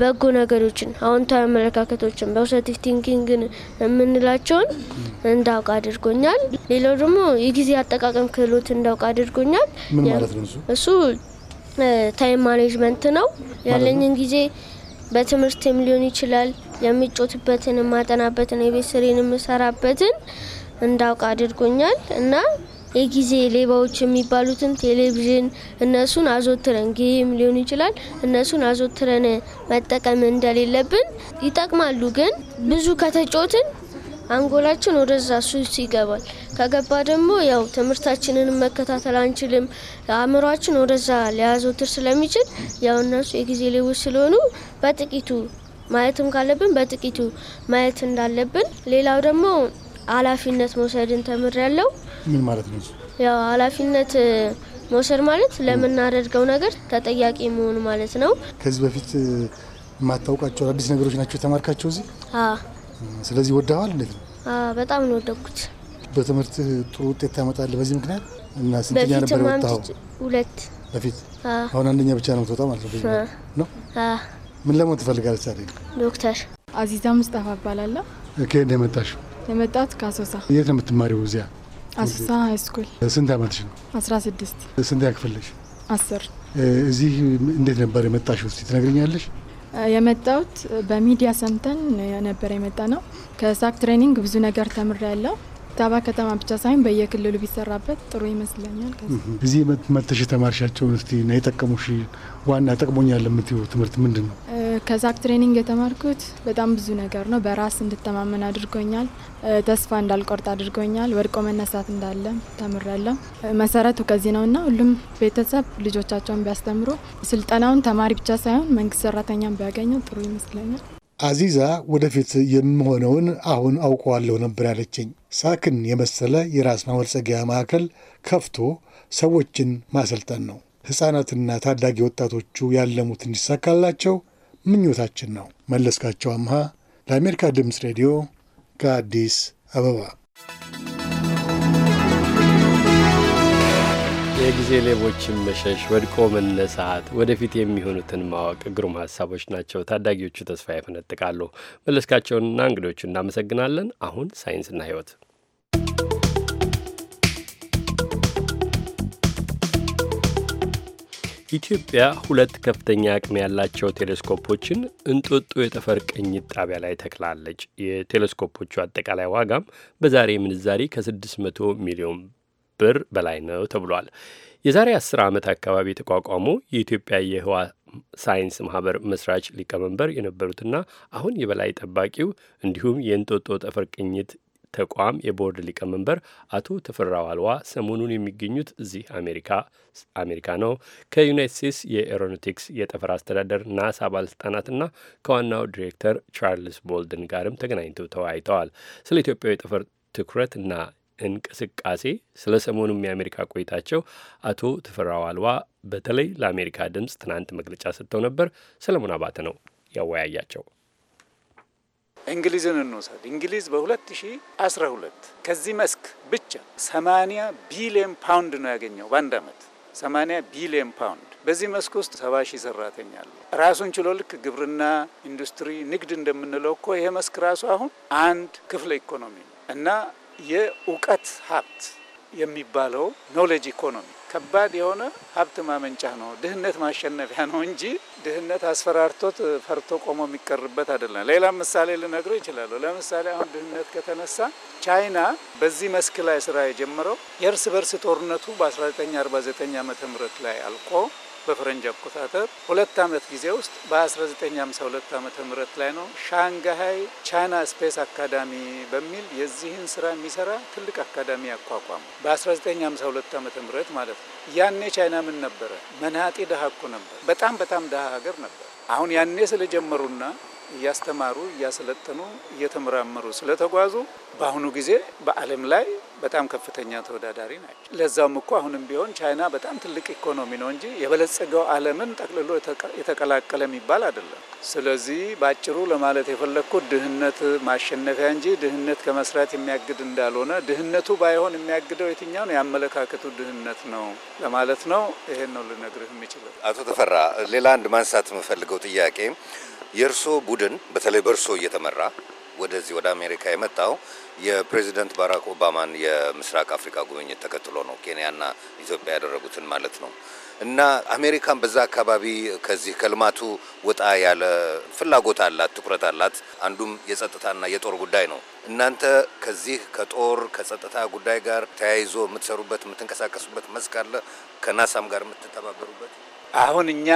በጎ ነገሮችን፣ አዎንታዊ አመለካከቶችን፣ ፖዘቲቭ ቲንኪንግን የምንላቸውን እንዳውቅ አድርጎኛል። ሌላው ደግሞ የጊዜ አጠቃቀም ክህሎት እንዳውቅ አድርጎኛል። እሱ ታይም ማኔጅመንት ነው። ያለኝን ጊዜ በትምህርትም ሊሆን ይችላል የሚጮትበትን የማጠናበትን የቤት ስሬን የምሰራበትን እንዳውቅ አድርጎኛል እና የጊዜ ሌባዎች የሚባሉትን ቴሌቪዥን እነሱን አዘወትረን ጌም ሊሆን ይችላል እነሱን አዘወትረን መጠቀም እንደሌለብን ይጠቅማሉ። ግን ብዙ ከተጮትን አንጎላችን ወደዛ ሱስ ይገባል። ከገባ ደግሞ ያው ትምህርታችንን መከታተል አንችልም። አእምሯችን ወደዛ ሊያዘወትር ስለሚችል ያው እነሱ የጊዜ ሌቦች ስለሆኑ በጥቂቱ ማየትም ካለብን በጥቂቱ ማየት እንዳለብን። ሌላው ደግሞ ኃላፊነት መውሰድን ተምር ያለው ምን ማለት ነው? ያው ኃላፊነት መውሰድ ማለት ለምናደርገው ነገር ተጠያቂ መሆን ማለት ነው። ከዚህ በፊት የማታውቃቸው አዲስ ነገሮች ናቸው የተማርካቸው እዚህ። ስለዚህ ወደዋል እንዴት ነው? በጣም ነው ወደኩት። በትምህርት ጥሩ ውጤት ታመጣለህ በዚህ ምክንያት እና ስንተኛ ነበር የወጣኸው? ሁለት በፊት አሁን አንደኛ ብቻ ነው ተወጣ ማለት ነው። ምን ለመሆን ትፈልጋለች? ዛሬ ዶክተር አዚዛ ሙስጣፋ እባላለሁ። ከየት ነው የመጣሽው? የመጣሁት ከአሶሳ። የት ነው የምትማሪው? እዚያ አስሳ ሃይስኩል። ስንት አመትሽ ነው? አስራ ስድስት ስንት ያክፍልሽ? አስር እዚህ እንዴት ነበር የመጣሽ ውስጥ ትነግርኛለሽ? የመጣሁት በሚዲያ ሰምተን ነበር የመጣ ነው። ከሳክ ትሬኒንግ ብዙ ነገር ተምር ያለው ታባ ከተማ ብቻ ሳይሆን በየክልሉ ቢሰራበት ጥሩ ይመስለኛል። እዚህ መተሽ የተማርሻቸውን እስቲ ና የጠቀሙሽ ዋና ጠቅሞኛል የምትይው ትምህርት ምንድን ነው? ከዛክ ትሬኒንግ የተማርኩት በጣም ብዙ ነገር ነው። በራስ እንድተማመን አድርጎኛል። ተስፋ እንዳልቆርጥ አድርጎኛል። ወድቆ መነሳት እንዳለ ተምሬያለሁ። መሰረቱ ከዚህ ነውና ሁሉም ቤተሰብ ልጆቻቸውን ቢያስተምሩ ስልጠናውን ተማሪ ብቻ ሳይሆን መንግስት ሰራተኛን ቢያገኘው ጥሩ ይመስለኛል። አዚዛ ወደፊት የምሆነውን አሁን አውቀዋለሁ ነበር ያለችኝ። ሳክን የመሰለ የራስ ማበልጸጊያ ማዕከል ከፍቶ ሰዎችን ማሰልጠን ነው። ህጻናትና ታዳጊ ወጣቶቹ ያለሙት እንዲሳካላቸው ምኞታችን ነው። መለስካቸው አምሃ ለአሜሪካ ድምፅ ሬዲዮ ከአዲስ አበባ የጊዜ ሌቦችን መሸሽ፣ ወድቆ መነሳት፣ ወደፊት የሚሆኑትን ማወቅ ግሩም ሀሳቦች ናቸው። ታዳጊዎቹ ተስፋ ያፈነጥቃሉ። መለስካቸውንና እንግዶቹ እናመሰግናለን። አሁን ሳይንስና ሕይወት ኢትዮጵያ ሁለት ከፍተኛ አቅም ያላቸው ቴሌስኮፖችን እንጦጦ የጠፈር ቅኝት ጣቢያ ላይ ተክላለች። የቴሌስኮፖቹ አጠቃላይ ዋጋም በዛሬ ምንዛሪ ከ600 ሚሊዮን ብር በላይ ነው ተብሏል። የዛሬ 10 ዓመት አካባቢ የተቋቋመው የኢትዮጵያ የህዋ ሳይንስ ማህበር መስራች ሊቀመንበር የነበሩትና አሁን የበላይ ጠባቂው እንዲሁም የእንጦጦ ጠፈር ቅኝት ተቋም የቦርድ ሊቀመንበር አቶ ተፈራ ዋልዋ ሰሞኑን የሚገኙት እዚህ አሜሪካ አሜሪካ ነው ከዩናይት ስቴትስ የኤሮኖቲክስ የጠፈር አስተዳደር ናሳ ባለስልጣናትና ከዋናው ዲሬክተር ቻርልስ ቦልድን ጋርም ተገናኝተው ተወያይተዋል። ስለ ኢትዮጵያ የጠፈር እና እንቅስቃሴ ስለ ሰሞኑም የአሜሪካ ቆይታቸው አቶ ተፈራ ዋልዋ በተለይ ለአሜሪካ ድምፅ ትናንት መግለጫ ሰጥተው ነበር። ሰለሞን አባተ ነው ያወያያቸው። እንግሊዝን እንውሰድ። እንግሊዝ በ2012 ከዚህ መስክ ብቻ 80 ቢሊዮን ፓውንድ ነው ያገኘው በአንድ ዓመት 80 ቢሊዮን ፓውንድ። በዚህ መስክ ውስጥ 70 ሺህ ሰራተኛ አለ። ራሱን ችሎ ልክ ግብርና፣ ኢንዱስትሪ፣ ንግድ እንደምንለው እኮ ይሄ መስክ ራሱ አሁን አንድ ክፍለ ኢኮኖሚ ነው እና የእውቀት ሀብት የሚባለው ኖሌጅ ኢኮኖሚ ከባድ የሆነ ሀብት ማመንጫ ነው፣ ድህነት ማሸነፊያ ነው እንጂ ድህነት አስፈራርቶት ፈርቶ ቆሞ የሚቀርበት አይደለም። ሌላም ምሳሌ ልነግረው ይችላሉ። ለምሳሌ አሁን ድህነት ከተነሳ ቻይና በዚህ መስክ ላይ ስራ የጀመረው የእርስ በርስ ጦርነቱ በ1949 ዓ ም ላይ አልቆ በፈረንጅ አቆጣጠር ሁለት ዓመት ጊዜ ውስጥ በ1952 ዓመተ ምህረት ላይ ነው ሻንጋሃይ ቻይና ስፔስ አካዳሚ በሚል የዚህን ስራ የሚሰራ ትልቅ አካዳሚ ያቋቋሙ በ1952 ዓመተ ምህረት ማለት ነው። ያኔ ቻይና ምን ነበረ? መናጤ ደሃኩ እኮ ነበር። በጣም በጣም ድሀ ሀገር ነበር። አሁን ያኔ ስለጀመሩና እያስተማሩ እያሰለጠኑ እየተመራመሩ ስለተጓዙ በአሁኑ ጊዜ በዓለም ላይ በጣም ከፍተኛ ተወዳዳሪ ናቸው። ለዛውም እኮ አሁንም ቢሆን ቻይና በጣም ትልቅ ኢኮኖሚ ነው እንጂ የበለጸገው ዓለምን ጠቅልሎ የተቀላቀለ የሚባል አይደለም። ስለዚህ በአጭሩ ለማለት የፈለግኩት ድህነት ማሸነፊያ እንጂ ድህነት ከመስራት የሚያግድ እንዳልሆነ፣ ድህነቱ ባይሆን የሚያግደው የትኛውን የአመለካከቱ ድህነት ነው ለማለት ነው። ይሄን ነው ልነግርህ የሚችለው። አቶ ተፈራ፣ ሌላ አንድ ማንሳት የምፈልገው ጥያቄ የእርሶ ቡድን በተለይ በእርሶ እየተመራ ወደዚህ ወደ አሜሪካ የመጣው የፕሬዚደንት ባራክ ኦባማን የምስራቅ አፍሪካ ጉብኝት ተከትሎ ነው ኬንያና ኢትዮጵያ ያደረጉትን ማለት ነው። እና አሜሪካን በዛ አካባቢ ከዚህ ከልማቱ ወጣ ያለ ፍላጎት አላት፣ ትኩረት አላት። አንዱም የጸጥታና የጦር ጉዳይ ነው። እናንተ ከዚህ ከጦር ከጸጥታ ጉዳይ ጋር ተያይዞ የምትሰሩበት የምትንቀሳቀሱበት መስክ አለ ከናሳም ጋር የምትተባበሩበት አሁን እኛ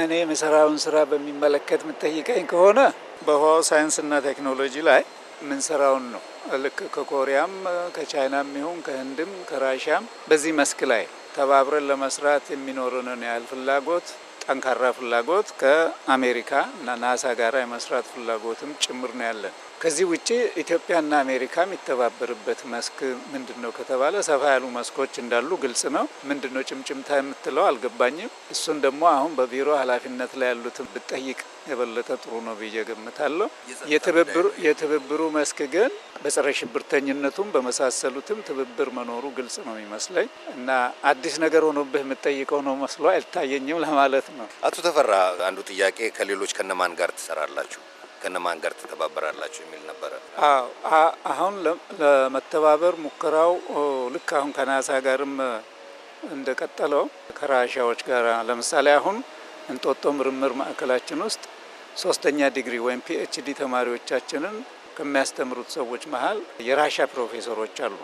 እኔ የምሰራውን ስራ በሚመለከት የምትጠይቀኝ ከሆነ በውሃው ሳይንስና ቴክኖሎጂ ላይ የምንሰራውን ነው። ልክ ከኮሪያም ከቻይናም ይሁን ከህንድም ከራሽያም በዚህ መስክ ላይ ተባብረን ለመስራት የሚኖርንን ያህል ፍላጎት ጠንካራ ፍላጎት ከአሜሪካ እና ናሳ ጋር የመስራት ፍላጎትም ጭምር ነው ያለን። ከዚህ ውጭ ኢትዮጵያና አሜሪካ የሚተባበርበት መስክ ምንድን ነው ከተባለ ሰፋ ያሉ መስኮች እንዳሉ ግልጽ ነው። ምንድን ነው ጭምጭምታ የምትለው አልገባኝም። እሱን ደግሞ አሁን በቢሮ ኃላፊነት ላይ ያሉትን ብጠይቅ የበለጠ ጥሩ ነው ብዬ ገምታለሁ። የትብብሩ መስክ ግን በጸረ ሽብርተኝነቱም በመሳሰሉትም ትብብር መኖሩ ግልጽ ነው የሚመስለኝ እና አዲስ ነገር ሆኖብህ የምጠይቀው ነው መስሎ አይታየኝም ለማለት ነው። አቶ ተፈራ፣ አንዱ ጥያቄ ከሌሎች ከነማን ጋር ትሰራላችሁ? ከነማን ጋር ትተባበራላችሁ የሚል ነበረ። አሁን ለመተባበር ሙከራው ልክ አሁን ከናሳ ጋርም እንደቀጠለው ከራሻዎች ጋር ለምሳሌ አሁን እንጦጦ ምርምር ማዕከላችን ውስጥ ሶስተኛ ዲግሪ ወይም ፒኤችዲ ተማሪዎቻችንን ከሚያስተምሩት ሰዎች መሀል የራሻ ፕሮፌሰሮች አሉ።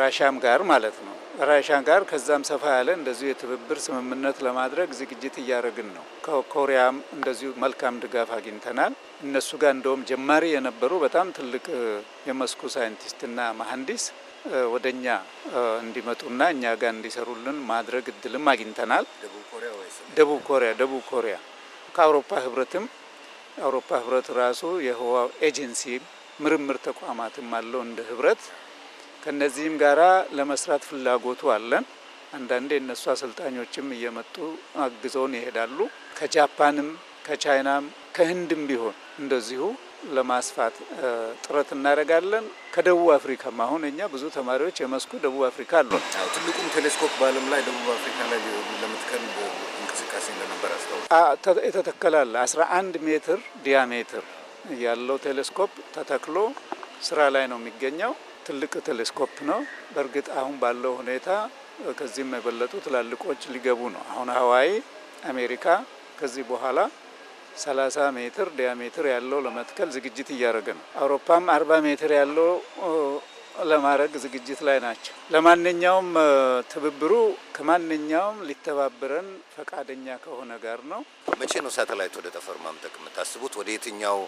ራሻም ጋር ማለት ነው። ራሻ ጋር ከዛም ሰፋ ያለ እንደዚሁ የትብብር ስምምነት ለማድረግ ዝግጅት እያደረግን ነው። ከኮሪያም እንደዚሁ መልካም ድጋፍ አግኝተናል። እነሱ ጋር እንደውም ጀማሪ የነበሩ በጣም ትልቅ የመስኩ ሳይንቲስትና መሀንዲስ ወደ እኛ እንዲመጡና እኛ ጋር እንዲሰሩልን ማድረግ እድልም አግኝተናል። ደቡብ ኮሪያ ደቡብ ኮሪያ ከአውሮፓ ህብረትም አውሮፓ ህብረት ራሱ የህዋ ኤጀንሲ ምርምር ተቋማትም አለው እንደ ህብረት። ከነዚህም ጋራ ለመስራት ፍላጎቱ አለን። አንዳንዴ እነሱ አሰልጣኞችም እየመጡ አግዘውን ይሄዳሉ። ከጃፓንም ከቻይናም ከህንድም ቢሆን እንደዚሁ ለማስፋት ጥረት እናደርጋለን። ከደቡብ አፍሪካም አሁን እኛ ብዙ ተማሪዎች የመስኩ ደቡብ አፍሪካ አሉን። ትልቁም ቴሌስኮፕ በዓለም ላይ ደቡብ አፍሪካ ላይ ለምትከን እንቅስቃሴ እንደነበር አስታውሳለሁ። የተተከላለ 11 ሜትር ዲያሜትር ያለው ቴሌስኮፕ ተተክሎ ስራ ላይ ነው የሚገኘው። ትልቅ ቴሌስኮፕ ነው። በእርግጥ አሁን ባለው ሁኔታ ከዚህም የበለጡ ትላልቆች ሊገቡ ነው። አሁን ሀዋይ አሜሪካ ከዚህ በኋላ 30 ሜትር ዲያሜትር ያለው ለመትከል ዝግጅት እያደረገ ነው። አውሮፓም 40 ሜትር ያለው ለማድረግ ዝግጅት ላይ ናቸው። ለማንኛውም ትብብሩ ከማንኛውም ሊተባበረን ፈቃደኛ ከሆነ ጋር ነው። መቼ ነው ሳተላይት ወደ ጠፈር ማምጠቅ የምታስቡት? ወደ የትኛው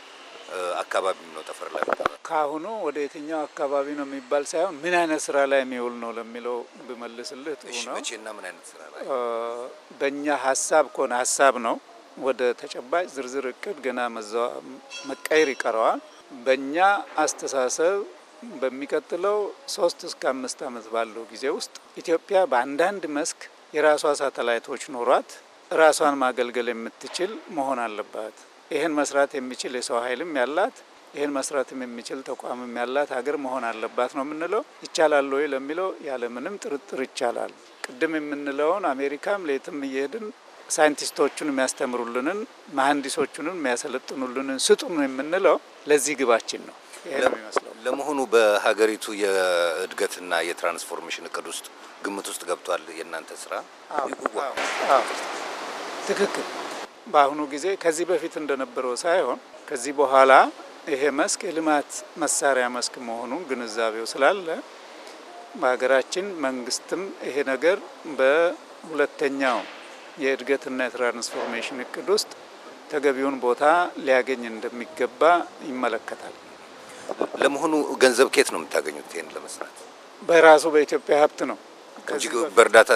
አካባቢ ነው ጠፈር ላይ? ከአሁኑ ወደ የትኛው አካባቢ ነው የሚባል ሳይሆን ምን አይነት ስራ ላይ የሚውል ነው ለሚለው ብመልስልህ ጥሩ ነው። መቼና ምን አይነት ስራ ላይ በእኛ ሀሳብ ከሆነ ሀሳብ ነው ወደ ተጨባጭ ዝርዝር እቅድ ገና መቀየር ይቀረዋል። በእኛ አስተሳሰብ በሚቀጥለው ሶስት እስከ አምስት ዓመት ባለው ጊዜ ውስጥ ኢትዮጵያ በአንዳንድ መስክ የራሷ ሳተላይቶች ኖሯት ራሷን ማገልገል የምትችል መሆን አለባት። ይህን መስራት የሚችል የሰው ኃይልም ያላት ይህን መስራትም የሚችል ተቋምም ያላት ሀገር መሆን አለባት ነው የምንለው። ይቻላል ወይ ለሚለው ያለምንም ጥርጥር ይቻላል። ቅድም የምንለውን አሜሪካም ለየትም እየሄድን ሳይንቲስቶቹን የሚያስተምሩልንን መሀንዲሶቹንን የሚያሰለጥኑልንን ስጡን የምንለው ለዚህ ግባችን ነው። ለመሆኑ በሀገሪቱ የእድገትና የትራንስፎርሜሽን እቅድ ውስጥ ግምት ውስጥ ገብቷል የእናንተ ስራ? ትክክል። በአሁኑ ጊዜ ከዚህ በፊት እንደነበረው ሳይሆን ከዚህ በኋላ ይሄ መስክ የልማት መሳሪያ መስክ መሆኑን ግንዛቤው ስላለ በሀገራችን መንግስትም ይሄ ነገር በሁለተኛው የእድገትና የትራንስፎርሜሽን እቅድ ውስጥ ተገቢውን ቦታ ሊያገኝ እንደሚገባ ይመለከታል። ለመሆኑ ገንዘብ ኬት ነው የምታገኙት? ይህን ለመስራት በራሱ በኢትዮጵያ ሀብት ነው በእርዳታ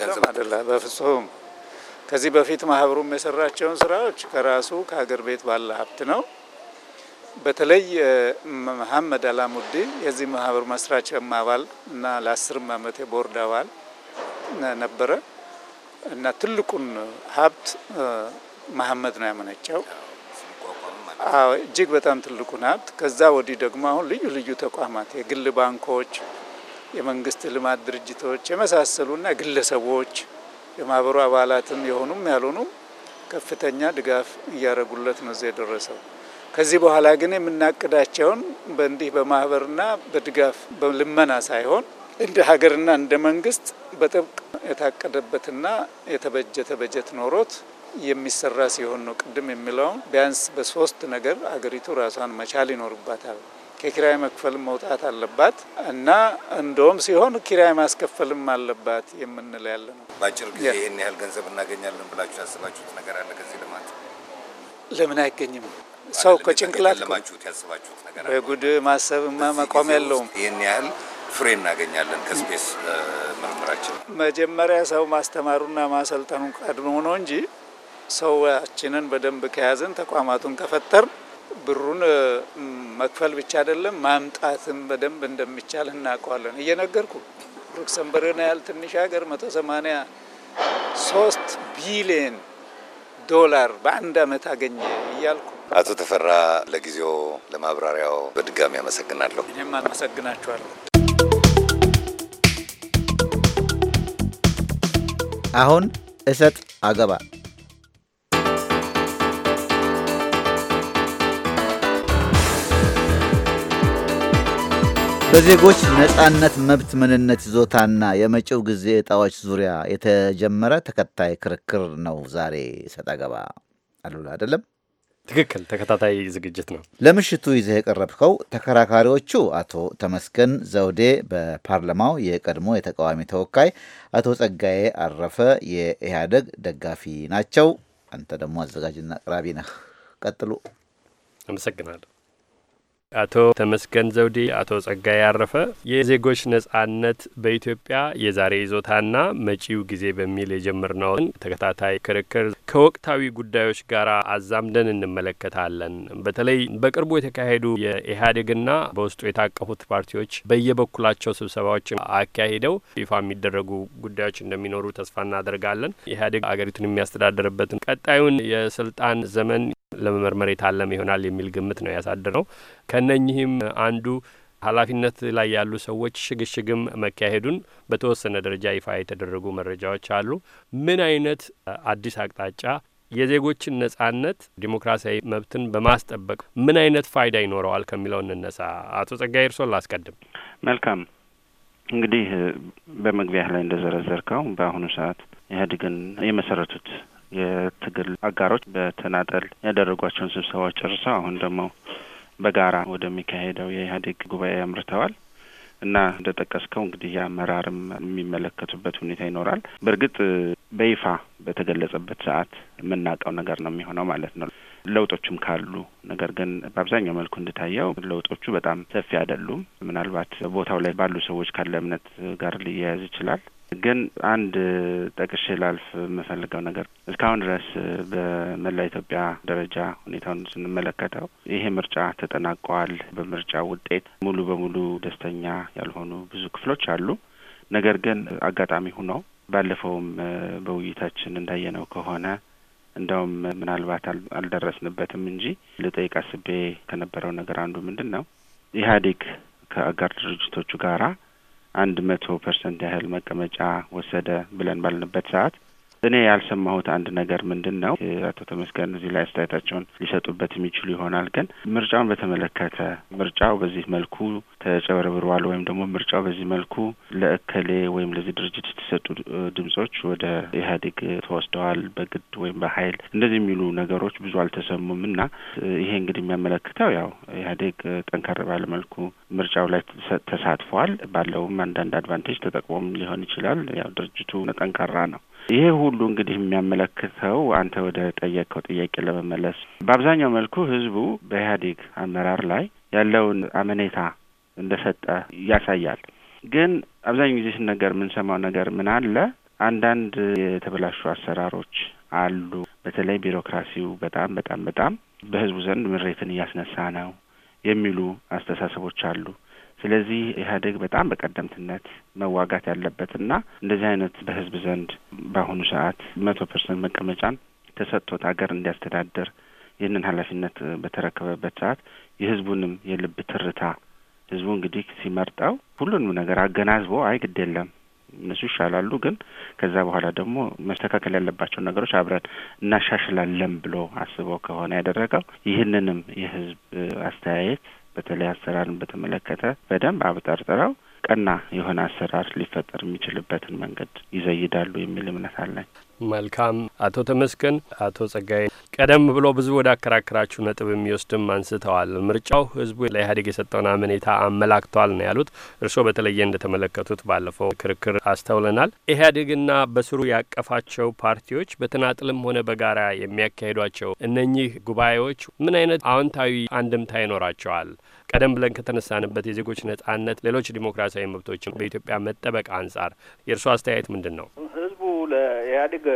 ገንዘብ አይደለም፣ በፍጹም። ከዚህ በፊት ማህበሩም የሰራቸውን ስራዎች ከራሱ ከሀገር ቤት ባለ ሀብት ነው። በተለይ መሐመድ አላሙዲ የዚህ ማህበር መስራች አባል እና ለአስርም ዓመት የቦርድ አባል ነበረ። እና ትልቁን ሀብት መሀመድ ነው ያመነጨው። አዎ እጅግ በጣም ትልቁን ሀብት። ከዛ ወዲህ ደግሞ አሁን ልዩ ልዩ ተቋማት፣ የግል ባንኮች፣ የመንግስት ልማት ድርጅቶች የመሳሰሉና ግለሰቦች የማህበሩ አባላትም የሆኑም ያልሆኑም ከፍተኛ ድጋፍ እያደረጉለት ነው እዚህ የደረሰው። ከዚህ በኋላ ግን የምናቅዳቸውን በእንዲህ በማህበርና በድጋፍ በልመና ሳይሆን እንደ ሀገርና እንደ መንግስት በጥብቅ የታቀደበትና የተበጀተ በጀት ኖሮት የሚሰራ ሲሆን ነው። ቅድም የሚለውም ቢያንስ በሶስት ነገር አገሪቱ ራሷን መቻል ይኖርባታል። ከኪራይ መክፈል መውጣት አለባት እና እንደውም ሲሆን ኪራይ ማስከፈልም አለባት የምንል ያለ ነው። በአጭር ጊዜ ይህን ያህል ገንዘብ እናገኛለን ብላችሁ ያስባችሁት ነገር አለ? ከዚህ ልማት ለምን አይገኝም? ሰው ከጭንቅላት በጉድ ማሰብማ መቆም ያለውም ይህን ያህል ፍሬ እናገኛለን ከስፔስ ምርምራችን። መጀመሪያ ሰው ማስተማሩና ማሰልጠኑ ቀድሞ ነው እንጂ ሰዋችንን በደንብ ከያዝን ተቋማቱን ከፈጠር ብሩን መክፈል ብቻ አይደለም ማምጣትም በደንብ እንደሚቻል እናውቀዋለን። እየነገርኩ ሉክሰምበርግን ያህል ትንሽ ሀገር መቶ ሶስት ቢሊየን ዶላር በአንድ አመት አገኘ እያልኩ አቶ ተፈራ ለጊዜው ለማብራሪያው በድጋሚ አመሰግናለሁ። እኔም አመሰግናችኋለሁ። አሁን እሰጥ አገባ በዜጎች ነፃነት መብት ምንነት ይዞታና የመጪው ጊዜ እጣዎች ዙሪያ የተጀመረ ተከታይ ክርክር ነው ዛሬ እሰጥ አገባ አሉላ አይደለም ትክክል ተከታታይ ዝግጅት ነው። ለምሽቱ ይዘህ የቀረብከው ተከራካሪዎቹ አቶ ተመስገን ዘውዴ በፓርላማው የቀድሞ የተቃዋሚ ተወካይ፣ አቶ ጸጋዬ አረፈ የኢህአደግ ደጋፊ ናቸው። አንተ ደግሞ አዘጋጅና አቅራቢ ነህ። ቀጥሉ። አመሰግናለሁ። አቶ ተመስገን ዘውዴ፣ አቶ ጸጋይ ያረፈ የዜጎች ነጻነት በኢትዮጵያ የዛሬ ይዞታና መጪው ጊዜ በሚል የጀመርነውን ተከታታይ ክርክር ከወቅታዊ ጉዳዮች ጋር አዛምደን እንመለከታለን። በተለይ በቅርቡ የተካሄዱ የኢህአዴግና በውስጡ የታቀፉት ፓርቲዎች በየበኩላቸው ስብሰባዎች አካሂደው ይፋ የሚደረጉ ጉዳዮች እንደሚኖሩ ተስፋ እናደርጋለን። ኢህአዴግ አገሪቱን የሚያስተዳድርበትን ቀጣዩን የስልጣን ዘመን ለመመርመር የታለመ ይሆናል የሚል ግምት ነው ያሳደረው። ከነኚህም አንዱ ኃላፊነት ላይ ያሉ ሰዎች ሽግሽግም መካሄዱን በተወሰነ ደረጃ ይፋ የተደረጉ መረጃዎች አሉ። ምን አይነት አዲስ አቅጣጫ የዜጎችን ነጻነት፣ ዲሞክራሲያዊ መብትን በማስጠበቅ ምን አይነት ፋይዳ ይኖረዋል ከሚለው እንነሳ። አቶ ጸጋዬ እርሶን ላስቀድም። መልካም እንግዲህ በመግቢያህ ላይ እንደዘረዘርከው በአሁኑ ሰዓት ኢህአዴግን የመሰረቱት የትግል አጋሮች በተናጠል ያደረጓቸውን ስብሰባዎች ጨርሰው አሁን ደግሞ በጋራ ወደሚካሄደው የኢህአዴግ ጉባኤ አምርተዋል እና እንደ ጠቀስከው እንግዲህ የአመራርም የሚመለከቱበት ሁኔታ ይኖራል። በእርግጥ በይፋ በተገለጸበት ሰዓት የምናውቀው ነገር ነው የሚሆነው ማለት ነው። ለውጦችም ካሉ ነገር ግን በአብዛኛው መልኩ እንድታየው ለውጦቹ በጣም ሰፊ አይደሉም። ምናልባት ቦታው ላይ ባሉ ሰዎች ካለ እምነት ጋር ሊያያዝ ይችላል። ግን አንድ ጠቅሼ ላልፍ የምፈልገው ነገር እስካሁን ድረስ በመላ ኢትዮጵያ ደረጃ ሁኔታውን ስንመለከተው ይሄ ምርጫ ተጠናቋል። በምርጫ ውጤት ሙሉ በሙሉ ደስተኛ ያልሆኑ ብዙ ክፍሎች አሉ። ነገር ግን አጋጣሚ ሁነው ባለፈውም በውይይታችን እንዳየነው ከሆነ እንደውም ምናልባት አልደረስንበትም እንጂ ልጠይቅ አስቤ ከነበረው ነገር አንዱ ምንድን ነው ኢህአዴግ ከአጋር ድርጅቶቹ ጋራ አንድ መቶ ፐርሰንት ያህል መቀመጫ ወሰደ ብለን ባልንበት ሰዓት እኔ ያልሰማሁት አንድ ነገር ምንድን ነው፣ አቶ ተመስገን እዚህ ላይ አስተያየታቸውን ሊሰጡበት የሚችሉ ይሆናል። ግን ምርጫውን በተመለከተ ምርጫው በዚህ መልኩ ተጨበርብሯል ወይም ደግሞ ምርጫው በዚህ መልኩ ለእከሌ ወይም ለዚህ ድርጅት የተሰጡ ድምጾች ወደ ኢህአዴግ ተወስደዋል በግድ ወይም በኃይል እንደዚህ የሚሉ ነገሮች ብዙ አልተሰሙም እና ይሄ እንግዲህ የሚያመለክተው ያው ኢህአዴግ ጠንከር ባለ መልኩ ምርጫው ላይ ተሳትፏል። ባለውም አንዳንድ አድቫንቴጅ ተጠቅሞም ሊሆን ይችላል። ያው ድርጅቱ ጠንካራ ነው። ይሄ ሁሉ እንግዲህ የሚያመለክተው አንተ ወደ ጠየቀው ጥያቄ ለመመለስ በአብዛኛው መልኩ ህዝቡ በኢህአዴግ አመራር ላይ ያለውን አመኔታ እንደሰጠ ያሳያል። ግን አብዛኛው ጊዜ ሲነገር የምንሰማው ነገር ምን አለ? አንዳንድ የተበላሹ አሰራሮች አሉ። በተለይ ቢሮክራሲው በጣም በጣም በጣም በህዝቡ ዘንድ ምሬትን እያስነሳ ነው የሚሉ አስተሳሰቦች አሉ። ስለዚህ ኢህአዴግ በጣም በቀደምትነት መዋጋት ያለበትና እንደዚህ አይነት በህዝብ ዘንድ በአሁኑ ሰዓት መቶ ፐርሰንት መቀመጫን ተሰጥቶት አገር እንዲያስተዳደር ይህንን ኃላፊነት በተረከበበት ሰዓት የህዝቡንም የልብ ትርታ ህዝቡ እንግዲህ ሲመርጠው ሁሉንም ነገር አገናዝቦ አይ ግድ የለም እነሱ ይሻላሉ፣ ግን ከዛ በኋላ ደግሞ መስተካከል ያለባቸውን ነገሮች አብረን እናሻሽላለን ብሎ አስበው ከሆነ ያደረገው ይህንንም የህዝብ አስተያየት በተለይ አሰራርን በተመለከተ በደንብ አብጠርጥረው ቀና የሆነ አሰራር ሊፈጠር የሚችልበትን መንገድ ይዘይዳሉ የሚል እምነት አለን። መልካም አቶ ተመስገን፣ አቶ ጸጋዬ ቀደም ብሎ ብዙ ወደ አከራከራችሁ ነጥብ የሚወስድም አንስተዋል። ምርጫው ህዝቡ ለኢህአዴግ የሰጠውን አመኔታ አመላክቷል ነው ያሉት። እርስዎ በተለየ እንደተመለከቱት ባለፈው ክርክር አስተውለናል። ኢህአዴግና በስሩ ያቀፋቸው ፓርቲዎች በተናጥልም ሆነ በጋራ የሚያካሂዷቸው እነኚህ ጉባኤዎች ምን አይነት አዎንታዊ አንድምታ ይኖራቸዋል? ቀደም ብለን ከተነሳንበት የዜጎች ነጻነት፣ ሌሎች ዲሞክራሲያዊ መብቶችን በኢትዮጵያ መጠበቅ አንጻር የእርሱ አስተያየት ምንድን ነው? ህዝቡ ለኢህአዴግ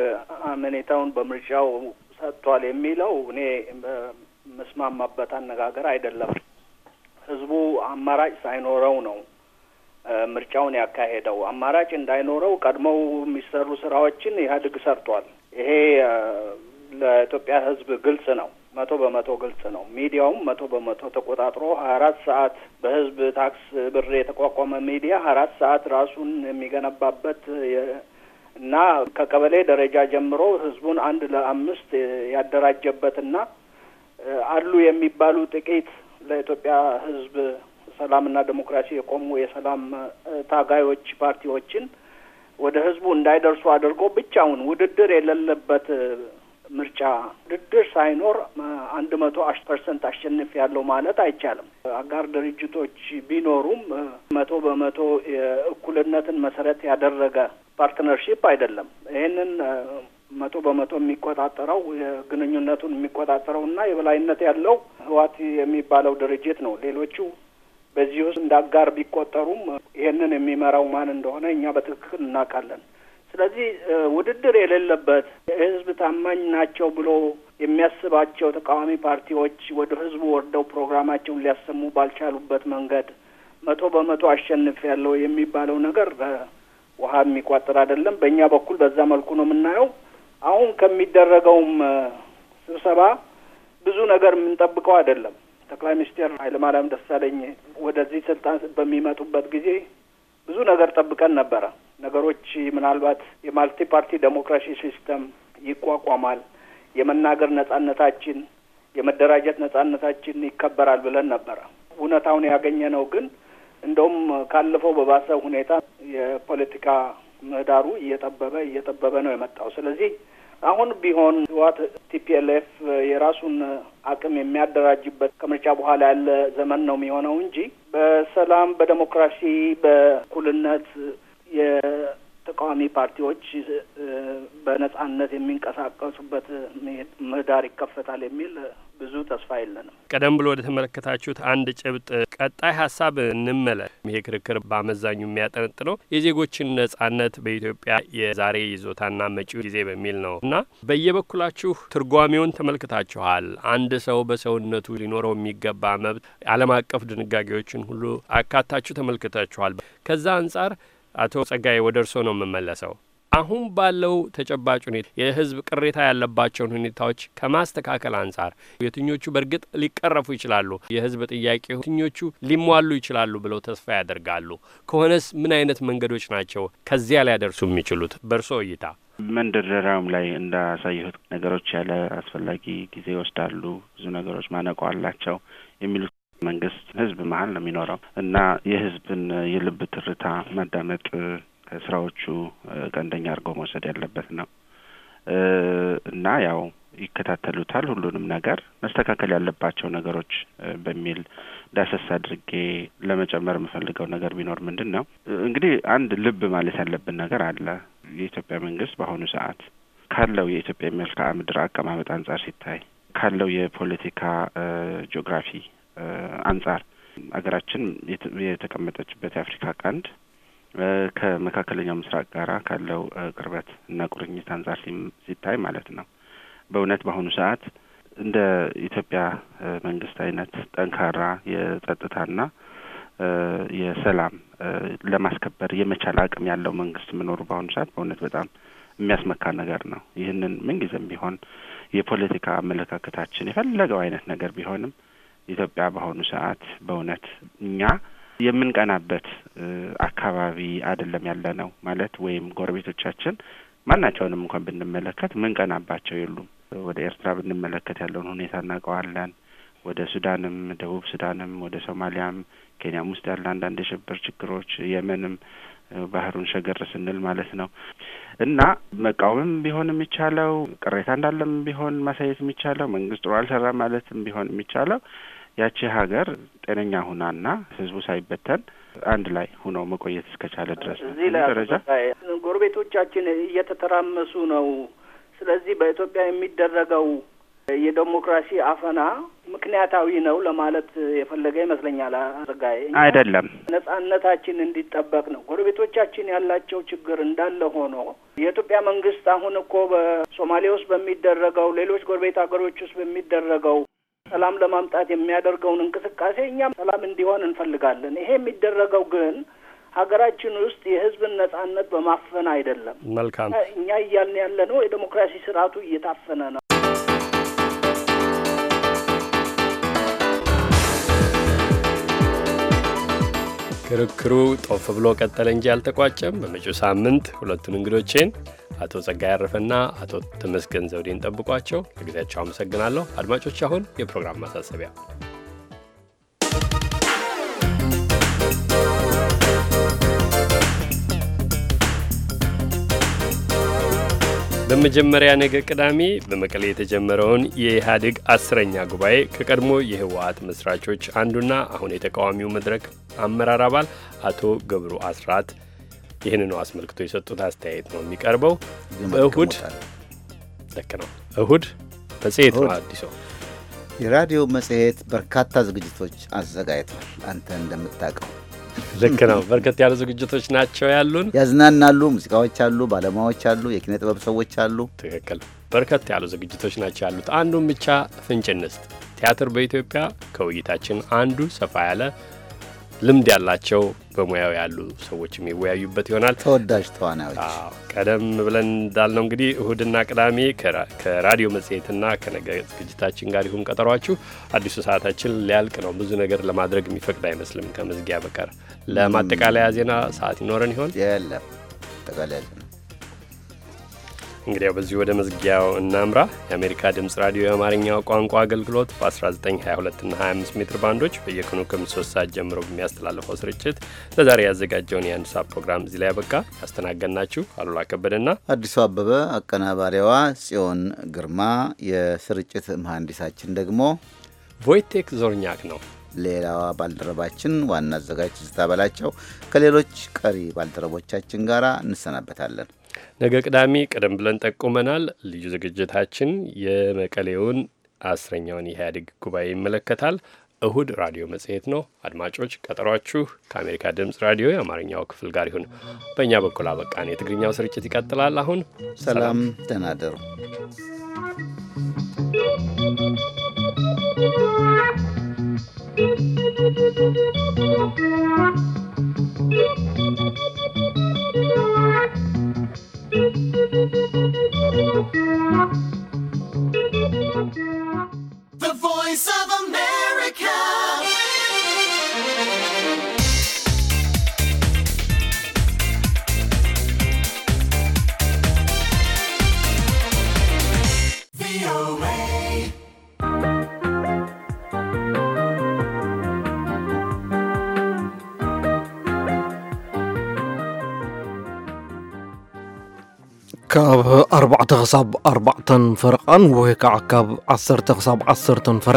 አመኔታውን በምርጫው ሰጥቷል የሚለው እኔ መስማማበት አነጋገር አይደለም። ህዝቡ አማራጭ ሳይኖረው ነው ምርጫውን ያካሄደው። አማራጭ እንዳይኖረው ቀድመው የሚሰሩ ስራዎችን ኢህአዴግ ሰርቷል። ይሄ ለኢትዮጵያ ህዝብ ግልጽ ነው። መቶ በመቶ ግልጽ ነው። ሚዲያውም መቶ በመቶ ተቆጣጥሮ ሀያ አራት ሰዓት በህዝብ ታክስ ብር የተቋቋመ ሚዲያ ሀያ አራት ሰዓት ራሱን የሚገነባበት እና ከቀበሌ ደረጃ ጀምሮ ህዝቡን አንድ ለአምስት ያደራጀበትና አሉ የሚባሉ ጥቂት ለኢትዮጵያ ህዝብ ሰላምና ዴሞክራሲ የቆሙ የሰላም ታጋዮች ፓርቲዎችን ወደ ህዝቡ እንዳይደርሱ አድርጎ ብቻውን ውድድር የሌለበት ምርጫ ውድድር ሳይኖር አንድ መቶ አሽ ፐርሰንት አሸንፍ ያለው ማለት አይቻልም። አጋር ድርጅቶች ቢኖሩም መቶ በመቶ እኩልነትን መሰረት ያደረገ ፓርትነርሺፕ አይደለም። ይህንን መቶ በመቶ የሚቆጣጠረው ግንኙነቱን የሚቆጣጠረው እና የበላይነት ያለው ህዋት የሚባለው ድርጅት ነው። ሌሎቹ በዚህ ውስጥ እንደ አጋር ቢቆጠሩም ይህንን የሚመራው ማን እንደሆነ እኛ በትክክል እናውቃለን። ስለዚህ ውድድር የሌለበት የህዝብ ታማኝ ናቸው ብሎ የሚያስባቸው ተቃዋሚ ፓርቲዎች ወደ ህዝቡ ወርደው ፕሮግራማቸውን ሊያሰሙ ባልቻሉበት መንገድ መቶ በመቶ አሸንፍ ያለው የሚባለው ነገር ውሃ የሚቋጥር አይደለም። በእኛ በኩል በዛ መልኩ ነው የምናየው። አሁን ከሚደረገውም ስብሰባ ብዙ ነገር የምንጠብቀው አይደለም። ጠቅላይ ሚኒስትር ኃይለማርያም ደሳለኝ ወደዚህ ስልጣን በሚመጡበት ጊዜ ብዙ ነገር ጠብቀን ነበረ። ነገሮች ምናልባት የማልቲ ፓርቲ ዴሞክራሲ ሲስተም ይቋቋማል፣ የመናገር ነጻነታችን፣ የመደራጀት ነጻነታችን ይከበራል ብለን ነበረ። እውነታውን ያገኘ ነው ግን እንደውም ካለፈው በባሰ ሁኔታ የፖለቲካ ምህዳሩ እየጠበበ እየጠበበ ነው የመጣው። ስለዚህ አሁን ቢሆን ህወሓት ቲፒኤልኤፍ የራሱን አቅም የሚያደራጅበት ከምርጫ በኋላ ያለ ዘመን ነው የሚሆነው እንጂ በሰላም፣ በዴሞክራሲ፣ በእኩልነት ተቃዋሚ ፓርቲዎች በነጻነት የሚንቀሳቀሱበት ምህዳር ይከፈታል የሚል ብዙ ተስፋ የለንም። ቀደም ብሎ ወደ ተመለከታችሁት አንድ ጭብጥ ቀጣይ ሀሳብ እንመለስ። ይሄ ክርክር በአመዛኙ የሚያጠነጥነው የዜጎችን ነጻነት በኢትዮጵያ የዛሬ ይዞታና መጪው ጊዜ በሚል ነው እና በየበኩላችሁ ትርጓሜውን ተመልክታችኋል። አንድ ሰው በሰውነቱ ሊኖረው የሚገባ መብት ዓለም አቀፍ ድንጋጌዎችን ሁሉ አካታችሁ ተመልክታችኋል። ከዛ አንጻር አቶ ጸጋዬ ወደ እርስዎ ነው የምመለሰው። አሁን ባለው ተጨባጭ ሁኔታ የህዝብ ቅሬታ ያለባቸውን ሁኔታዎች ከማስተካከል አንጻር የትኞቹ በእርግጥ ሊቀረፉ ይችላሉ? የህዝብ ጥያቄ የትኞቹ ሊሟሉ ይችላሉ ብለው ተስፋ ያደርጋሉ? ከሆነስ ምን አይነት መንገዶች ናቸው ከዚያ ሊያደርሱ የሚችሉት በእርስዎ እይታ? መንደርደሪያውም ላይ እንዳሳየሁት ነገሮች ያለ አስፈላጊ ጊዜ ይወስዳሉ፣ ብዙ ነገሮች ማነቆ አላቸው የሚሉት መንግስት ህዝብ መሀል ነው የሚኖረው እና የህዝብን የልብ ትርታ መዳመጥ ከስራዎቹ ቀንደኛ አድርጎ መውሰድ ያለበት ነው እና ያው ይከታተሉታል ሁሉንም ነገር መስተካከል ያለባቸው ነገሮች በሚል ዳሰስ አድርጌ ለመጨመር የምፈልገው ነገር ቢኖር ምንድን ነው እንግዲህ አንድ ልብ ማለት ያለብን ነገር አለ። የኢትዮጵያ መንግስት በአሁኑ ሰዓት ካለው የኢትዮጵያ መልክዓ ምድር አቀማመጥ አንጻር ሲታይ ካለው የፖለቲካ ጂኦግራፊ አንጻር አገራችን የተቀመጠችበት የአፍሪካ ቀንድ ከመካከለኛው ምስራቅ ጋራ ካለው ቅርበት እና ቁርኝት አንጻር ሲታይ ማለት ነው። በእውነት በአሁኑ ሰዓት እንደ ኢትዮጵያ መንግስት አይነት ጠንካራ የጸጥታና የሰላም ለማስከበር የመቻል አቅም ያለው መንግስት መኖሩ በአሁኑ ሰዓት በእውነት በጣም የሚያስመካ ነገር ነው። ይህንን ምንጊዜም ቢሆን የፖለቲካ አመለካከታችን የፈለገው አይነት ነገር ቢሆንም ኢትዮጵያ በአሁኑ ሰዓት በእውነት እኛ የምንቀናበት አካባቢ አይደለም ያለ ነው ማለት ወይም ጎረቤቶቻችን ማናቸውንም እንኳን ብንመለከት ምንቀናባቸው የሉም። ወደ ኤርትራ ብንመለከት ያለውን ሁኔታ እናውቀዋለን። ወደ ሱዳንም፣ ደቡብ ሱዳንም፣ ወደ ሶማሊያም፣ ኬንያም ውስጥ ያለ አንዳንድ የሽብር ችግሮች፣ የመንም ባህሩን ሸገር ስንል ማለት ነው። እና መቃወምም ቢሆን የሚቻለው ቅሬታ እንዳለም ቢሆን ማሳየት የሚቻለው መንግስት ጥሩ አልሰራ ማለትም ቢሆን የሚቻለው ያቺ ሀገር ጤነኛ ሁናና ህዝቡ ሳይበተን አንድ ላይ ሁኖ መቆየት እስከቻለ ድረስ እዚህ ላይ ጎረቤቶቻችን እየተተራመሱ ነው። ስለዚህ በኢትዮጵያ የሚደረገው የዴሞክራሲ አፈና ምክንያታዊ ነው ለማለት የፈለገ ይመስለኛል። አርጋይ አይደለም፣ ነጻነታችን እንዲጠበቅ ነው። ጎረቤቶቻችን ያላቸው ችግር እንዳለ ሆኖ የኢትዮጵያ መንግስት አሁን እኮ በሶማሌ ውስጥ በሚደረገው ሌሎች ጎረቤት ሀገሮች ውስጥ በሚደረገው ሰላም ለማምጣት የሚያደርገውን እንቅስቃሴ እኛም ሰላም እንዲሆን እንፈልጋለን። ይሄ የሚደረገው ግን ሀገራችን ውስጥ የህዝብን ነጻነት በማፈን አይደለም። መልካም እኛ እያልን ያለ ነው። የዴሞክራሲ ስርዓቱ እየታፈነ ነው። ክርክሩ ጦፍ ብሎ ቀጠለ እንጂ አልተቋጨም። በመጪው ሳምንት ሁለቱን እንግዶቼን አቶ ጸጋ ያረፈና አቶ ተመስገን ዘውዴን ጠብቋቸው። ለጊዜያቸው አመሰግናለሁ። አድማጮች፣ አሁን የፕሮግራም ማሳሰቢያ በመጀመሪያ ነገ ቅዳሜ በመቀሌ የተጀመረውን የኢህአዴግ አስረኛ ጉባኤ ከቀድሞ የህወሀት መስራቾች አንዱና አሁን የተቃዋሚው መድረክ አመራር አባል አቶ ገብሩ አስራት ይህንኑ አስመልክቶ የሰጡት አስተያየት ነው የሚቀርበው። እሁድ ልክ ነው። እሁድ መጽሔት ነው አዲሶ የራዲዮ መጽሔት በርካታ ዝግጅቶች አዘጋጅቷል። አንተ እንደምታውቀው ልክ ነው። በርከት ያሉ ዝግጅቶች ናቸው ያሉን። ያዝናናሉ፣ ሙዚቃዎች አሉ፣ ባለሙያዎች አሉ፣ የኪነ ጥበብ ሰዎች አሉ። ትክክል። በርከት ያሉ ዝግጅቶች ናቸው ያሉት። አንዱን ብቻ ፍንጭ እንስጥ። ቲያትር በኢትዮጵያ ከውይይታችን አንዱ ሰፋ ያለ ልምድ ያላቸው በሙያው ያሉ ሰዎች የሚወያዩበት ይሆናል። ተወዳጅ ተዋናዮች ቀደም ብለን እንዳልነው እንግዲህ እሁድና ቅዳሜ ከራዲዮ መጽሔትና ከነገ ዝግጅታችን ጋር ይሁን ቀጠሯችሁ። አዲሱ ሰዓታችን ሊያልቅ ነው። ብዙ ነገር ለማድረግ የሚፈቅድ አይመስልም ከመዝጊያ በቀር። ለማጠቃለያ ዜና ሰዓት ይኖረን ይሆን? የለም ጠቃላይ እንግዲያው በዚሁ ወደ መዝጊያው እናምራ። የአሜሪካ ድምፅ ራዲዮ የአማርኛው ቋንቋ አገልግሎት በ1922 እና 25 ሜትር ባንዶች በየቀኑ ከምሽቱ ሰዓት ጀምሮ በሚያስተላልፈው ስርጭት ለዛሬ ያዘጋጀውን የአንድ ሰዓት ፕሮግራም እዚህ ላይ ያበቃ። ያስተናገድናችሁ አሉላ ከበደና አዲሱ አበበ፣ አቀናባሪዋ ጽዮን ግርማ፣ የስርጭት መሐንዲሳችን ደግሞ ቮይቴክ ዞርኛክ ነው። ሌላዋ ባልደረባችን ዋና አዘጋጅ ዝታ ከሌሎች ቀሪ ባልደረቦቻችን ጋር እንሰናበታለን። ነገ ቅዳሜ ቀደም ብለን ጠቁመናል። ልዩ ዝግጅታችን የመቀሌውን አስረኛውን የኢህአዴግ ጉባኤ ይመለከታል። እሁድ ራዲዮ መጽሔት ነው። አድማጮች ቀጠሯችሁ ከአሜሪካ ድምፅ ራዲዮ የአማርኛው ክፍል ጋር ይሁን። በእኛ በኩል አበቃን። የትግርኛው ስርጭት ይቀጥላል። አሁን ሰላም ተናደሩ። The voice of a man. كاب أربعة غصاب أربعة فرقا وهيك عكاب عصر تغصاب عصر فرق